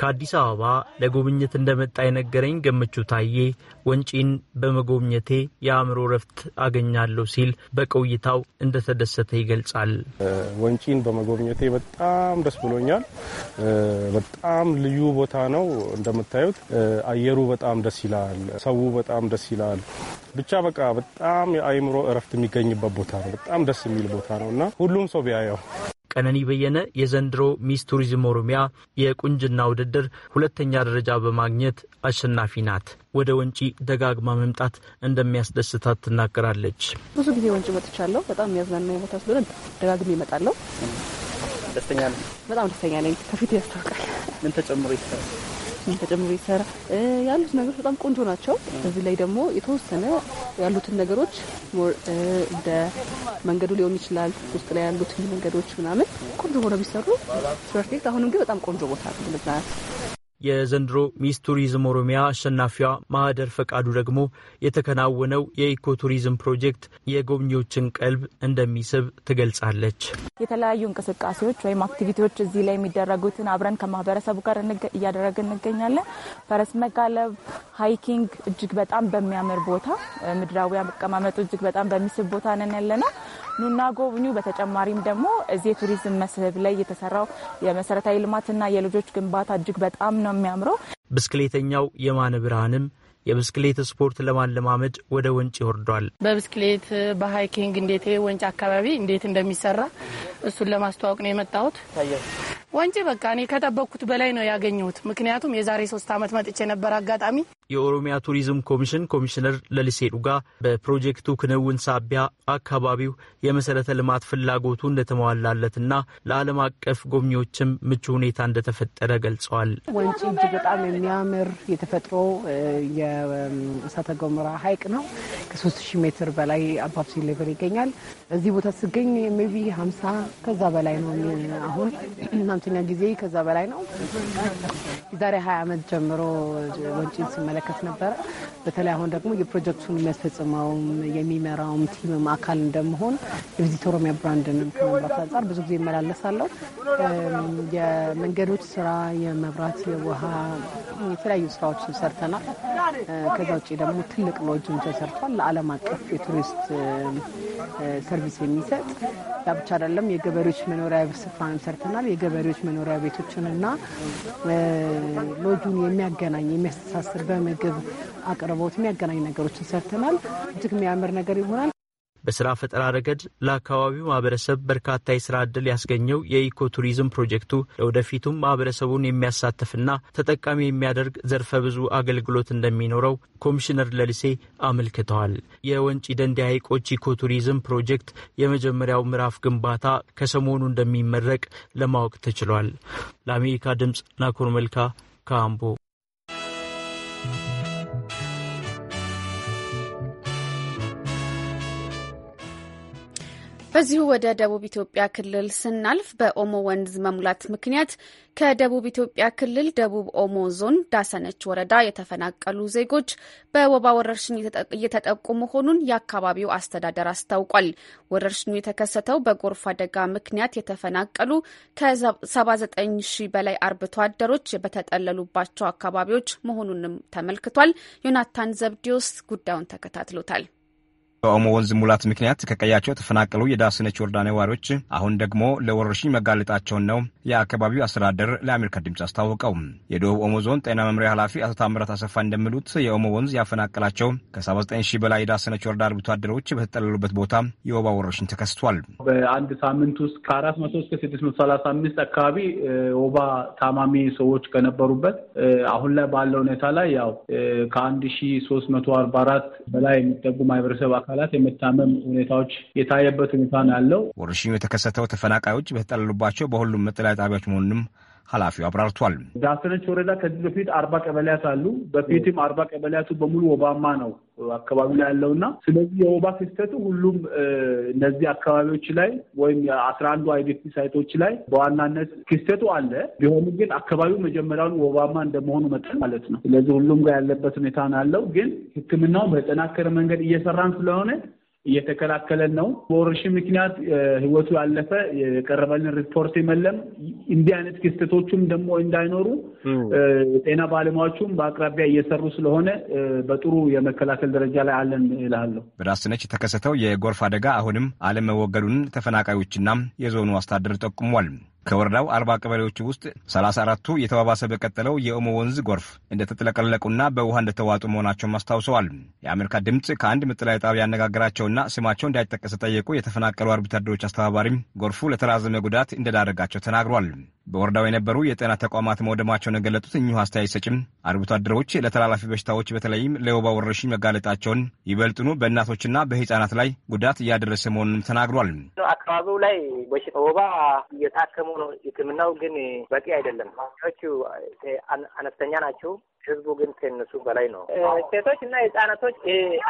ከአዲስ አበባ ለጉብኝት እንደመጣ የነገረኝ ገመቹ ታዬ ወንጪን በመጎብኘቴ የአእምሮ ረፍት አገኛለሁ ሲል በቆይታው እንደተደሰተ ይገልጻል። ወንጪን በመጎብኘቴ በጣም ደስ ብሎኛል። በጣም ልዩ ቦታ ነው። እንደምታዩት አየሩ በጣም ደስ ይላል። ሰው በጣም ደስ ይላል። ብቻ በቃ በጣም የአእምሮ እረፍት የሚገኝበት ቦታ ነው። በጣም ደስ የሚል ቦታ ነው እና ሁሉም ሰው ቢያየው ቀነኒ በየነ የዘንድሮ ሚስ ቱሪዝም ኦሮሚያ የቁንጅና ውድድር ሁለተኛ ደረጃ በማግኘት አሸናፊ ናት። ወደ ወንጪ ደጋግማ መምጣት እንደሚያስደስታት ትናገራለች። ብዙ ጊዜ ወንጪ መጥቻለሁ። በጣም የሚያዝናና ቦታ ስለሆነ ደጋግሜ እመጣለሁ። ደስተኛ ነኝ። በጣም ደስተኛ ነኝ። ከፊት ያስታውቃል። ምን ተጨምሮ ይታል ተጨምሮ ይሰራ ያሉት ነገሮች በጣም ቆንጆ ናቸው። በዚህ ላይ ደግሞ የተወሰነ ያሉትን ነገሮች እንደ መንገዱ ሊሆን ይችላል ውስጥ ላይ ያሉት መንገዶች ምናምን ቆንጆ ሆነው ቢሰሩ ፐርፌክት። አሁንም ግን በጣም ቆንጆ ቦታ ነው ለመዝናናት የዘንድሮ ሚስ ቱሪዝም ኦሮሚያ አሸናፊዋ ማህደር ፈቃዱ ደግሞ የተከናወነው የኢኮ ቱሪዝም ፕሮጀክት የጎብኚዎችን ቀልብ እንደሚስብ ትገልጻለች። የተለያዩ እንቅስቃሴዎች ወይም አክቲቪቲዎች እዚህ ላይ የሚደረጉትን አብረን ከማህበረሰቡ ጋር እያደረግ እንገኛለን። ፈረስ መጋለብ፣ ሃይኪንግ እጅግ በጣም በሚያምር ቦታ ምድራዊ አቀማመጡ እጅግ በጣም በሚስብ ቦታ ነን ያለ ነው። ኑና ጎብኙ። በተጨማሪም ደግሞ እዚህ የቱሪዝም መስህብ ላይ የተሰራው የመሰረታዊ ልማትና የልጆች ግንባታ እጅግ በጣም ነው የሚያምረው። ብስክሌተኛው የማነ ብርሃንም የብስክሌት ስፖርት ለማለማመድ ወደ ወንጭ ይወርዷል። በብስክሌት በሃይኪንግ እንዴት ወንጭ አካባቢ እንዴት እንደሚሰራ እሱን ለማስተዋወቅ ነው የመጣሁት። ዋንጭ በቃ እኔ ከጠበቅኩት በላይ ነው ያገኘሁት። ምክንያቱም የዛሬ ሶስት ዓመት መጥቼ የነበረ አጋጣሚ የኦሮሚያ ቱሪዝም ኮሚሽን ኮሚሽነር ለሊሴ ዱጋ በፕሮጀክቱ ክንውን ሳቢያ አካባቢው የመሰረተ ልማት ፍላጎቱ እንደተሟላለትና ለዓለም አቀፍ ጎብኚዎችም ምቹ ሁኔታ እንደተፈጠረ ገልጸዋል። ዋንጪ እጅግ በጣም የሚያምር የተፈጥሮ የእሳተ ገሞራ ሐይቅ ነው። ከ ሺህ ሜትር በላይ አባብ ሲ ሌቨል ይገኛል። እዚህ ቦታ ስገኝ ሜቢ 50 ከዛ በላይ ነው አሁን *clears throat* ሁለተኛ ጊዜ ከዛ በላይ ነው። የዛሬ ሀያ ዓመት ጀምሮ ወንጪን ሲመለከት ነበረ። በተለይ አሁን ደግሞ የፕሮጀክቱን የሚያስፈጽመውም የሚመራውም ቲምም አካል እንደመሆን የቪዚት ኦሮሚያ ብራንድንም ከመምራት አንጻር ብዙ ጊዜ ይመላለሳለሁ። የመንገዶች ስራ፣ የመብራት፣ የውሃ የተለያዩ ስራዎችን ሰርተናል። ከዛ ውጭ ደግሞ ትልቅ ሎጅም ተሰርቷል ለዓለም አቀፍ የቱሪስት ሰርቪስ የሚሰጥ ያ ብቻ አይደለም። የገበሬዎች መኖሪያ ስፍራንም ሰርተናል። የገበሬዎች የልጆች መኖሪያ ቤቶችንና ሎጁን የሚያገናኝ የሚያስተሳስር በምግብ አቅርቦት የሚያገናኝ ነገሮችን ሰርተናል። እጅግ የሚያምር ነገር ይሆናል። በስራ ፈጠራ ረገድ ለአካባቢው ማህበረሰብ በርካታ የስራ ዕድል ያስገኘው የኢኮ ቱሪዝም ፕሮጀክቱ ለወደፊቱም ማህበረሰቡን የሚያሳትፍና ተጠቃሚ የሚያደርግ ዘርፈ ብዙ አገልግሎት እንደሚኖረው ኮሚሽነር ለልሴ አመልክተዋል። የወንጪ ደንዲ ሐይቆች ኢኮ ቱሪዝም ፕሮጀክት የመጀመሪያው ምዕራፍ ግንባታ ከሰሞኑ እንደሚመረቅ ለማወቅ ተችሏል። ለአሜሪካ ድምፅ ናኮር መልካ ካምቦ በዚሁ ወደ ደቡብ ኢትዮጵያ ክልል ስናልፍ በኦሞ ወንዝ መሙላት ምክንያት ከደቡብ ኢትዮጵያ ክልል ደቡብ ኦሞ ዞን ዳሰነች ወረዳ የተፈናቀሉ ዜጎች በወባ ወረርሽኝ እየተጠቁ መሆኑን የአካባቢው አስተዳደር አስታውቋል። ወረርሽኙ የተከሰተው በጎርፍ አደጋ ምክንያት የተፈናቀሉ ከ79 ሺህ በላይ አርብቶ አደሮች በተጠለሉባቸው አካባቢዎች መሆኑንም ተመልክቷል። ዮናታን ዘብዲዮስ ጉዳዩን ተከታትሎታል። በኦሞ ወንዝ ሙላት ምክንያት ከቀያቸው ተፈናቀሉ የዳስነች ወረዳ ነዋሪዎች አሁን ደግሞ ለወረርሽኝ መጋለጣቸውን ነው የአካባቢው አስተዳደር ለአሜሪካ ድምፅ አስታወቀው። የደቡብ ኦሞ ዞን ጤና መምሪያ ኃላፊ አቶ ታምራት አሰፋ እንደሚሉት የኦሞ ወንዝ ያፈናቀላቸው ከ79 ሺህ በላይ የዳስነች ወረዳ አርብቶ አደሮች በተጠለሉበት ቦታ የወባ ወረርሽኝ ተከስቷል። በአንድ ሳምንት ውስጥ ከአራት መቶ እስከ ስድስት መቶ ሰላሳ አምስት አካባቢ ወባ ታማሚ ሰዎች ከነበሩበት አሁን ላይ ባለው ሁኔታ ላይ ያው ከአንድ ሺህ ሶስት መቶ አርባ አራት በላይ የሚጠጉ ማህበረሰብ አካባቢ አካላት የመታመም ሁኔታዎች የታየበት ሁኔታ ነው ያለው። ወረርሽኙ የተከሰተው ተፈናቃዮች በተጠለሉባቸው በሁሉም መጠለያ ጣቢያዎች መሆኑንም ኃላፊው አብራርቷል። ዳሰነች ወረዳ ከዚህ በፊት አርባ ቀበሌያት አሉ። በፊትም አርባ ቀበሌያቱ በሙሉ ወባማ ነው አካባቢ ላይ ያለውና ስለዚህ የወባ ክስተቱ ሁሉም እነዚህ አካባቢዎች ላይ ወይም አስራ አንዱ አይዲፒ ሳይቶች ላይ በዋናነት ክስተቱ አለ። ቢሆንም ግን አካባቢው መጀመሪያውን ወባማ እንደመሆኑ መጠን ማለት ነው። ስለዚህ ሁሉም ጋር ያለበት ሁኔታ ነው ያለው። ግን ሕክምናው በተጠናከረ መንገድ እየሰራን ስለሆነ እየተከላከለን ነው። በወረርሽኝ ምክንያት ህይወቱ ያለፈ የቀረበልን ሪፖርት የለም። እንዲህ አይነት ክስተቶቹም ደግሞ እንዳይኖሩ ጤና ባለሙያዎቹም በአቅራቢያ እየሰሩ ስለሆነ በጥሩ የመከላከል ደረጃ ላይ አለን እላለሁ። በዳስነች የተከሰተው የጎርፍ አደጋ አሁንም አለመወገዱን ተፈናቃዮችና የዞኑ አስተዳደር ጠቁሟል። ከወረዳው አርባ ቀበሌዎች ውስጥ ሰላሳ አራቱ የተባባሰ በቀጠለው የኦሞ ወንዝ ጎርፍ እንደተጥለቀለቁና በውሃ እንደተዋጡ መሆናቸውን አስታውሰዋል። የአሜሪካ ድምፅ ከአንድ መጠለያ ጣቢያ ያነጋገራቸውና ስማቸው እንዳይጠቀስ ጠየቁ የተፈናቀሉ አርብቶ አደሮች አስተባባሪም ጎርፉ ለተራዘመ ጉዳት እንደዳረጋቸው ተናግሯል። በወረዳው የነበሩ የጤና ተቋማት መውደማቸውን የገለጡት እኚሁ አስተያየት ሰጭም አርብቶ አደሮች ለተላላፊ በሽታዎች በተለይም ለወባ ወረርሽኝ መጋለጣቸውን ይበልጥኑ በእናቶችና በህፃናት ላይ ጉዳት እያደረሰ መሆኑንም ተናግሯል። አካባቢው ላይ ወባ እየታከሙ ነው። ሕክምናው ግን በቂ አይደለም። አነስተኛ ናቸው። ህዝቡ ግን ከነሱ በላይ ነው። ሴቶች እና ህጻናቶች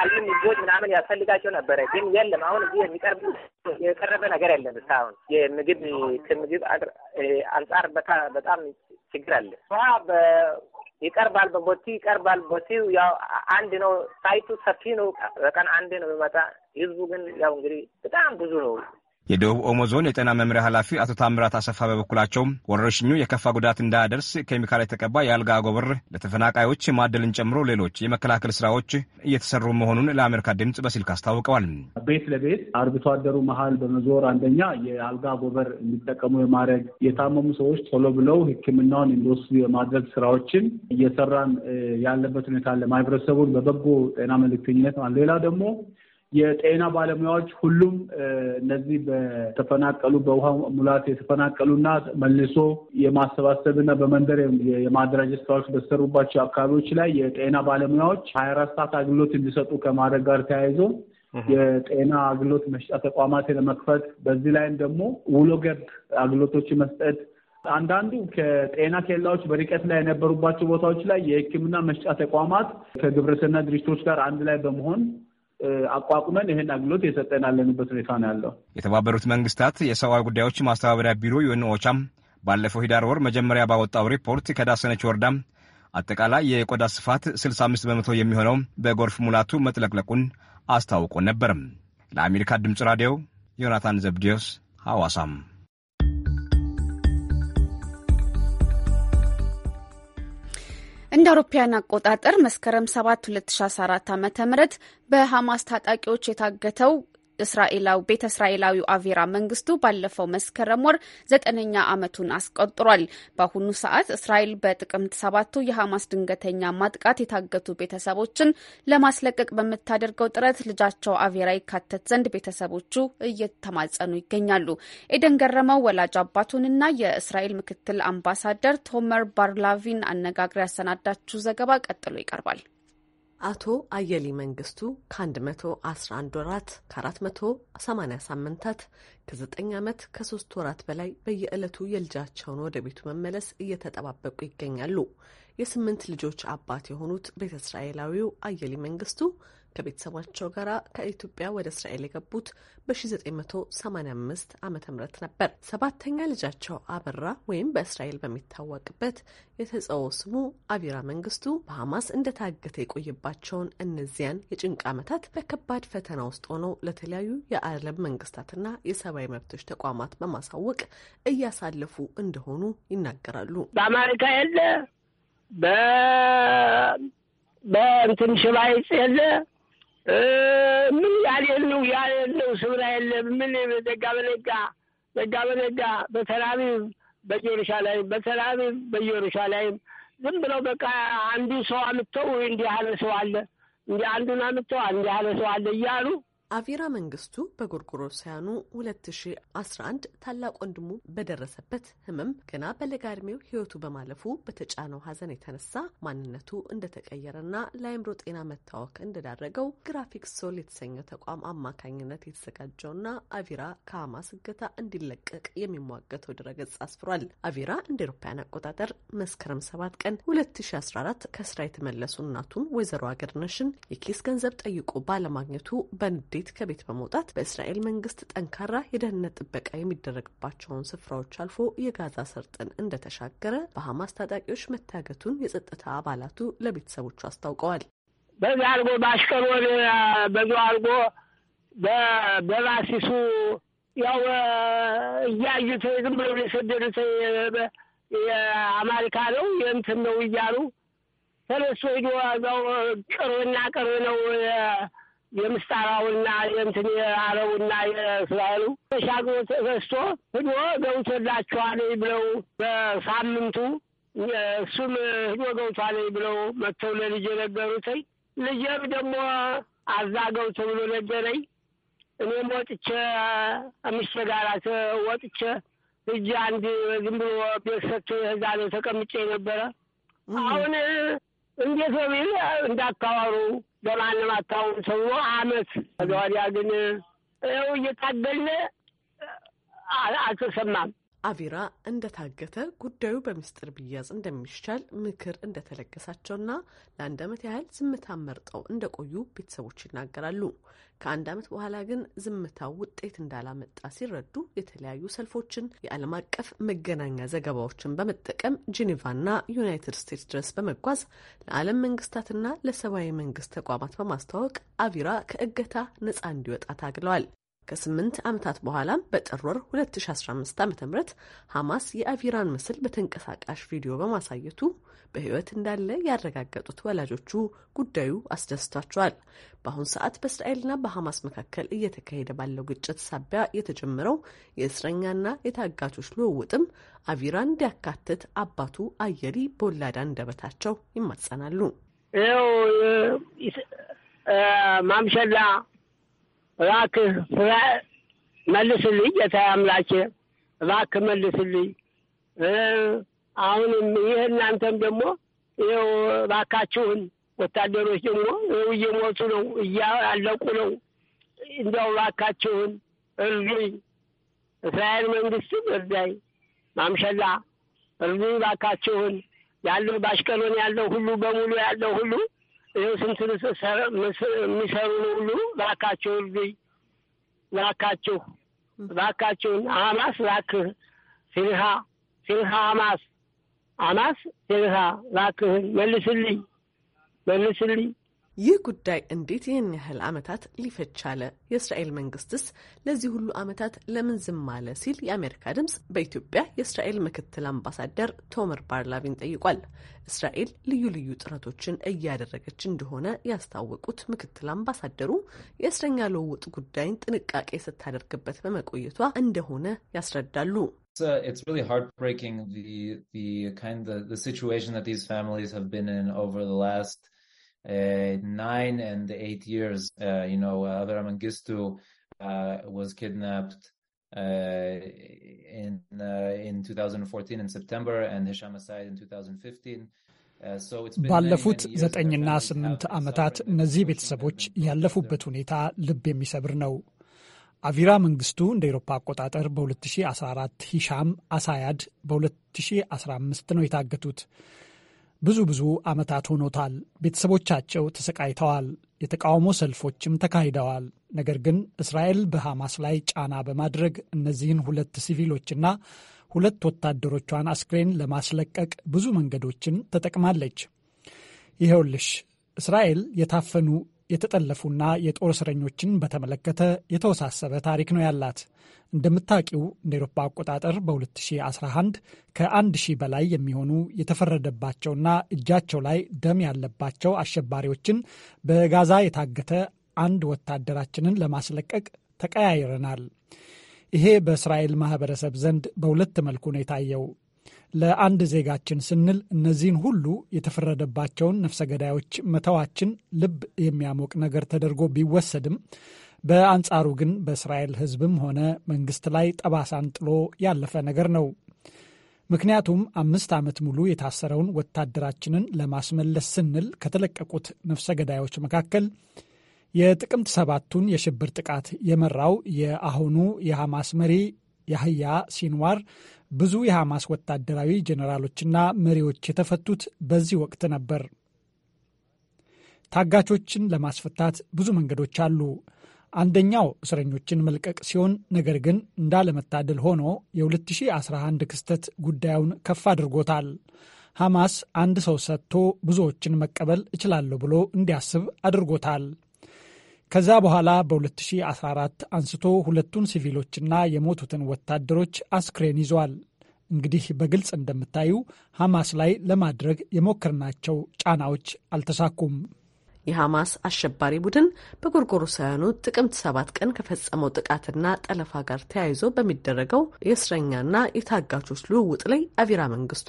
አልሚ ምግቦች ምናምን ያስፈልጋቸው ነበረ፣ ግን የለም። አሁን እዚህ የሚቀርብ የቀረበ ነገር የለም። እስካሁን የምግብ ከምግብ አንጻር በጣም ችግር አለ። ይቀርባል በቦቲ ይቀርባል። ቦቲው ያው አንድ ነው፣ ሳይቱ ሰፊ ነው። በቀን አንድ ነው የሚመጣ ህዝቡ ግን ያው እንግዲህ በጣም ብዙ ነው። የደቡብ ኦሞ ዞን የጤና መምሪያ ኃላፊ አቶ ታምራት አሰፋ በበኩላቸው ወረርሽኙ የከፋ ጉዳት እንዳያደርስ ኬሚካል የተቀባ የአልጋ አጎበር ለተፈናቃዮች ማደልን ጨምሮ ሌሎች የመከላከል ስራዎች እየተሰሩ መሆኑን ለአሜሪካ ድምፅ በስልክ አስታውቀዋል። ቤት ለቤት አርብቶ አደሩ መሀል በመዞር አንደኛ የአልጋ አጎበር እንዲጠቀሙ የማድረግ የታመሙ ሰዎች ቶሎ ብለው ሕክምናውን እንዲወስዱ የማድረግ ስራዎችን እየሰራን ያለበት ሁኔታ ለማህበረሰቡን በበጎ ጤና መልእክተኝነት ሌላ ደግሞ የጤና ባለሙያዎች ሁሉም እነዚህ በተፈናቀሉ በውሃ ሙላት የተፈናቀሉና መልሶ የማሰባሰብና በመንደር የማደራጀት ስራዎች በተሰሩባቸው አካባቢዎች ላይ የጤና ባለሙያዎች ሀያ አራት ሰዓት አገልግሎት እንዲሰጡ ከማድረግ ጋር ተያይዞ የጤና አገልግሎት መስጫ ተቋማት ለመክፈት በዚህ ላይም ደግሞ ውሎ ገብ አገልግሎቶች መስጠት አንዳንዱ ከጤና ኬላዎች በርቀት ላይ የነበሩባቸው ቦታዎች ላይ የሕክምና መስጫ ተቋማት ከግብረሰና ድርጅቶች ጋር አንድ ላይ በመሆን አቋቁመን ይህን አገልግሎት የሰጠን ያለንበት ሁኔታ ነው ያለው። የተባበሩት መንግስታት የሰብአዊ ጉዳዮች ማስተባበሪያ ቢሮ ኦቻም ባለፈው ሂዳር ወር መጀመሪያ ባወጣው ሪፖርት ከዳሰነች ወረዳ አጠቃላይ የቆዳ ስፋት 65 በመቶ የሚሆነው በጎርፍ ሙላቱ መጥለቅለቁን አስታውቆ ነበርም። ለአሜሪካ ድምፅ ራዲዮ ዮናታን ዘብዲዮስ ሐዋሳም እንደ አውሮፓውያን አቆጣጠር መስከረም 7 2014 ዓ ም በሐማስ ታጣቂዎች የታገተው እስራኤላዊ ቤተ እስራኤላዊው አቬራ መንግስቱ ባለፈው መስከረም ወር ዘጠነኛ ዓመቱን አስቆጥሯል። በአሁኑ ሰዓት እስራኤል በጥቅምት ሰባቱ የሐማስ ድንገተኛ ማጥቃት የታገቱ ቤተሰቦችን ለማስለቀቅ በምታደርገው ጥረት ልጃቸው አቬራ ይካተት ዘንድ ቤተሰቦቹ እየተማጸኑ ይገኛሉ። ኤደን ገረመው ወላጅ አባቱንና የእስራኤል ምክትል አምባሳደር ቶመር ባርላቪን አነጋግር ያሰናዳችው ዘገባ ቀጥሎ ይቀርባል። አቶ አየሊ መንግስቱ ከ111 ወራት ከ480 ሳምንታት ከ9 ዓመት ከ3 ወራት በላይ በየዕለቱ የልጃቸውን ወደ ቤቱ መመለስ እየተጠባበቁ ይገኛሉ። የስምንት ልጆች አባት የሆኑት ቤተ እስራኤላዊው አየሊ መንግስቱ ከቤተሰባቸው ጋር ከኢትዮጵያ ወደ እስራኤል የገቡት በ1985 ዓ ም ነበር። ሰባተኛ ልጃቸው አበራ ወይም በእስራኤል በሚታወቅበት የተጸውዖ ስሙ አቢራ መንግስቱ በሐማስ እንደታገተ የቆየባቸውን እነዚያን የጭንቅ ዓመታት በከባድ ፈተና ውስጥ ሆነው ለተለያዩ የዓለም መንግስታትና የሰብአዊ መብቶች ተቋማት በማሳወቅ እያሳለፉ እንደሆኑ ይናገራሉ። በአማሪካ የለ በእንትን ሽባይጽ የለ ምን ያል የለው ነው የለው ስብራ የለ ምን ደጋ በደጋ ደጋ በደጋ በተራቢብ በጆርሻ በኢየሩሳሌም በተራቢብ በጆርሻ በኢየሩሳሌም ዝም ብለው በቃ አንዱ ሰው አምጥተው እንዲህ ያለ ሰው አለ እንዲህ አንዱን አምጥተው እንዲህ ያለ ሰው አለ እያሉ አቪራ መንግስቱ በጎርጎሮሳውያኑ 2011 ታላቅ ወንድሙ በደረሰበት ህመም ገና በለጋ እድሜው ህይወቱ በማለፉ በተጫነው ሀዘን የተነሳ ማንነቱ እንደተቀየረና ለአእምሮ ጤና መታወክ እንደዳረገው ግራፊክ ሶል የተሰኘው ተቋም አማካኝነት የተዘጋጀውና አቪራ ከሀማስ እገታ እንዲለቀቅ የሚሟገተው ድረገጽ አስፍሯል። አቪራ እንደ ኤሮፓያን አቆጣጠር መስከረም 7 ቀን 2014 ከስራ የተመለሱ እናቱን ወይዘሮ አገርነሽን የኬስ ገንዘብ ጠይቆ ባለማግኘቱ በንድ በንዴት ከቤት በመውጣት በእስራኤል መንግስት ጠንካራ የደህንነት ጥበቃ የሚደረግባቸውን ስፍራዎች አልፎ የጋዛ ሰርጥን እንደተሻገረ በሐማስ ታጣቂዎች መታገቱን የጸጥታ አባላቱ ለቤተሰቦቹ አስታውቀዋል። በዛ አልጎ በአሽከር ወደ በዛ አልጎ በባሲሱ ያው እያዩት ዝም ብለው የሰደዱት የአማሪካ ነው የእንትን ነው እያሉ ተነሱ ሄዶ ቅርብና ቅርብ ነው የምስጣራውና የእንትን የአረቡና የእስራኤሉ ተሻግሮ ተገዝቶ ህዶ ገውቶላቸዋል ብለው በሳምንቱ እሱም ህዶ ገውቷል ብለው መጥተው ለልጅ ነገሩትኝ። ልጄም ደግሞ አዛ ገውቶ ብሎ ነገረኝ። እኔም ወጥቼ አምስቴ ጋራት ወጥቼ እጅ አንድ ዝም ብሎ ቤት ሰጥቶ ህዛ ነው ተቀምጬ ነበረ። አሁን እንዴት ነው ብዬ ለማንም አታወሩ ተብሎ አመት ከዚያ ግን ይኸው እየታገልን አልተሰማም። አቪራ እንደታገተ ጉዳዩ በምስጢር ቢያዝ እንደሚሻል ምክር እንደተለገሳቸውና ለአንድ ዓመት ያህል ዝምታ መርጠው እንደቆዩ ቤተሰቦች ይናገራሉ። ከአንድ ዓመት በኋላ ግን ዝምታው ውጤት እንዳላመጣ ሲረዱ የተለያዩ ሰልፎችን፣ የዓለም አቀፍ መገናኛ ዘገባዎችን በመጠቀም ጄኔቫና ዩናይትድ ስቴትስ ድረስ በመጓዝ ለዓለም መንግስታትና ለሰብአዊ መንግስት ተቋማት በማስተዋወቅ አቪራ ከእገታ ነጻ እንዲወጣ ታግለዋል። ከስምንት ዓመታት በኋላም በጥር ወር 2015 ዓ ም ሐማስ የአቪራን ምስል በተንቀሳቃሽ ቪዲዮ በማሳየቱ በህይወት እንዳለ ያረጋገጡት ወላጆቹ ጉዳዩ አስደስቷቸዋል። በአሁኑ ሰዓት በእስራኤልና በሐማስ መካከል እየተካሄደ ባለው ግጭት ሳቢያ የተጀመረው የእስረኛና የታጋቾች ልውውጥም አቪራን እንዲያካትት አባቱ አየሪ በወላዳ እንደበታቸው ይማጸናሉ። ይኸው ማምሸላ እባክህ መልስልኝ፣ ጌታዬ አምላኬ እባክህ መልስልኝ አሁንም ይህ እናንተም ደግሞ ይኸው እባካችሁን ወታደሮች ደግሞ እየሞቱ ነው፣ እያለቁ ነው። እንዲያው እባካችሁን እርዱኝ፣ እስራኤል መንግስትም እርዳይ፣ ማምሸላ እርዱኝ እባካችሁን። ያለው ባሽቀሎን ያለው ሁሉ በሙሉ ያለው ሁሉ ይኸው ስንት የሚሰሩ ነው ሁሉ እባካችሁ እርዱኝ፣ እባካችሁ እባካችሁን፣ ሀማስ እባክህ፣ ፊንሃ ፊንሃ ሀማስ አናስ ጌታ እባክህን መልስልኝ መልስልኝ። ይህ ጉዳይ እንዴት ይህን ያህል ዓመታት ሊፈች ቻለ? የእስራኤል መንግስትስ ለዚህ ሁሉ ዓመታት ለምን ዝም አለ? ሲል የአሜሪካ ድምፅ በኢትዮጵያ የእስራኤል ምክትል አምባሳደር ቶመር ባርላቪን ጠይቋል። እስራኤል ልዩ ልዩ ጥረቶችን እያደረገች እንደሆነ ያስታወቁት ምክትል አምባሳደሩ የእስረኛ ልውውጥ ጉዳይን ጥንቃቄ ስታደርግበት በመቆየቷ እንደሆነ ያስረዳሉ። uh, it's really heartbreaking the the kind of the, the situation that these families have been in over the last uh, nine and eight years. Uh, you know, uh, Avera Mengistu uh, was kidnapped uh, in uh, in 2014 in September, and Hisham Asad in 2015. ባለፉት ዘጠኝና ስምንት ዓመታት እነዚህ ቤተሰቦች ያለፉበት ሁኔታ ልብ የሚሰብር ነው። አቪራ መንግስቱ እንደ ኤሮፓ አቆጣጠር በ2014 ሂሻም አሳያድ በ2015 ነው የታገቱት። ብዙ ብዙ ዓመታት ሆኖታል። ቤተሰቦቻቸው ተሰቃይተዋል። የተቃውሞ ሰልፎችም ተካሂደዋል። ነገር ግን እስራኤል በሐማስ ላይ ጫና በማድረግ እነዚህን ሁለት ሲቪሎችና ሁለት ወታደሮቿን አስክሬን ለማስለቀቅ ብዙ መንገዶችን ተጠቅማለች። ይኸውልሽ እስራኤል የታፈኑ የተጠለፉና የጦር እስረኞችን በተመለከተ የተወሳሰበ ታሪክ ነው ያላት። እንደምታውቂው እንደ ኤሮፓ አቆጣጠር በ2011 ከ ሺህ በላይ የሚሆኑ የተፈረደባቸውና እጃቸው ላይ ደም ያለባቸው አሸባሪዎችን በጋዛ የታገተ አንድ ወታደራችንን ለማስለቀቅ ተቀያይረናል። ይሄ በእስራኤል ማህበረሰብ ዘንድ በሁለት መልኩ ነው የታየው። ለአንድ ዜጋችን ስንል እነዚህን ሁሉ የተፈረደባቸውን ነፍሰ ገዳዮች መተዋችን ልብ የሚያሞቅ ነገር ተደርጎ ቢወሰድም በአንጻሩ ግን በእስራኤል ሕዝብም ሆነ መንግስት ላይ ጠባሳን ጥሎ ያለፈ ነገር ነው። ምክንያቱም አምስት ዓመት ሙሉ የታሰረውን ወታደራችንን ለማስመለስ ስንል ከተለቀቁት ነፍሰ ገዳዮች መካከል የጥቅምት ሰባቱን የሽብር ጥቃት የመራው የአሁኑ የሐማስ መሪ ያህያ ሲንዋር ብዙ የሐማስ ወታደራዊ ጄኔራሎችና መሪዎች የተፈቱት በዚህ ወቅት ነበር። ታጋቾችን ለማስፈታት ብዙ መንገዶች አሉ። አንደኛው እስረኞችን መልቀቅ ሲሆን፣ ነገር ግን እንዳለመታደል ሆኖ የ2011 ክስተት ጉዳዩን ከፍ አድርጎታል። ሐማስ አንድ ሰው ሰጥቶ ብዙዎችን መቀበል እችላለሁ ብሎ እንዲያስብ አድርጎታል። ከዛ በኋላ በ2014 አንስቶ ሁለቱን ሲቪሎችና የሞቱትን ወታደሮች አስክሬን ይዟል። እንግዲህ በግልጽ እንደምታዩ ሐማስ ላይ ለማድረግ የሞከርናቸው ጫናዎች አልተሳኩም። የሐማስ አሸባሪ ቡድን በጎርጎሮሳውያኑ ጥቅምት ሰባት ቀን ከፈጸመው ጥቃትና ጠለፋ ጋር ተያይዞ በሚደረገው የእስረኛና የታጋቾች ልውውጥ ላይ አቪራ መንግስቱ፣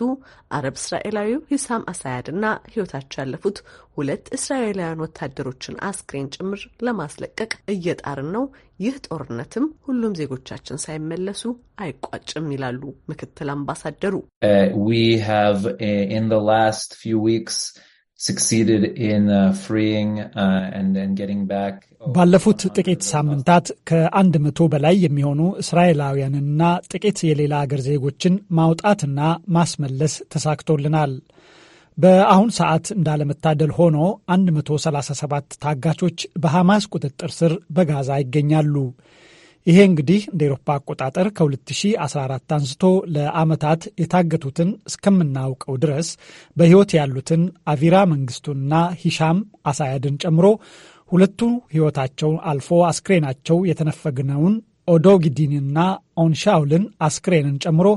አረብ እስራኤላዊው ሂሳም አሳያድ እና ህይወታቸው ያለፉት ሁለት እስራኤላውያን ወታደሮችን አስክሬን ጭምር ለማስለቀቅ እየጣርን ነው። ይህ ጦርነትም ሁሉም ዜጎቻችን ሳይመለሱ አይቋጭም ይላሉ ምክትል አምባሳደሩ። uh, Uh, uh, ባለፉት ጥቂት ሳምንታት ከአንድ መቶ በላይ የሚሆኑ እስራኤላውያንና ጥቂት የሌላ አገር ዜጎችን ማውጣትና ማስመለስ ተሳክቶልናል። በአሁን ሰዓት እንዳለመታደል ሆኖ 137 ታጋቾች በሐማስ ቁጥጥር ስር በጋዛ ይገኛሉ። ይሄ እንግዲህ እንደ ኤሮፓ አቆጣጠር ከ2014 አንስቶ ለአመታት የታገቱትን እስከምናውቀው ድረስ በሕይወት ያሉትን አቪራ መንግስቱንና ሂሻም አሳያድን ጨምሮ ሁለቱ ሕይወታቸው አልፎ አስክሬናቸው የተነፈግነውን ኦዶጊዲንና ኦንሻውልን አስክሬንን ጨምሮ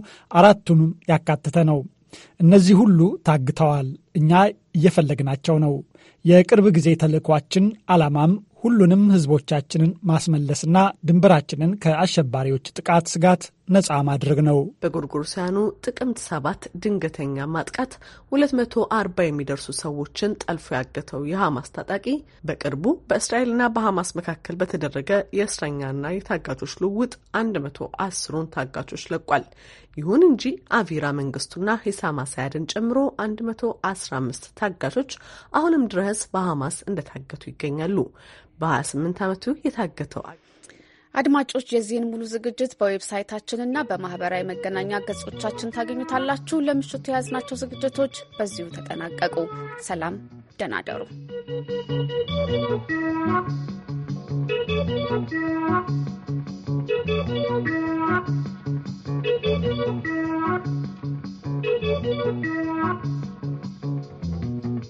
አራቱንም ያካተተ ነው። እነዚህ ሁሉ ታግተዋል። እኛ እየፈለግናቸው ነው። የቅርብ ጊዜ ተልእኳችን ዓላማም ሁሉንም ህዝቦቻችንን ማስመለስና ድንበራችንን ከአሸባሪዎች ጥቃት ስጋት ነጻ ማድረግ ነው። በጎርጎሮሳውያኑ ጥቅምት ሰባት ድንገተኛ ማጥቃት 240 የሚደርሱ ሰዎችን ጠልፎ ያገተው የሐማስ ታጣቂ በቅርቡ በእስራኤልና በሐማስ መካከል በተደረገ የእስረኛና የታጋቾች ልውውጥ 110ን ታጋቾች ለቋል። ይሁን እንጂ አቪራ መንግስቱና ሂሳማ ሳያድን ጨምሮ 115 ታጋቾች አሁንም ድረስ በሐማስ እንደታገቱ ይገኛሉ። በ28 ዓመቱ የታገተው አድማጮች የዚህን ሙሉ ዝግጅት በዌብሳይታችንና በማህበራዊ መገናኛ ገጾቻችን ታገኙታላችሁ። ለምሽቱ የያዝናቸው ዝግጅቶች በዚሁ ተጠናቀቁ። ሰላም፣ ደህና ደሩ።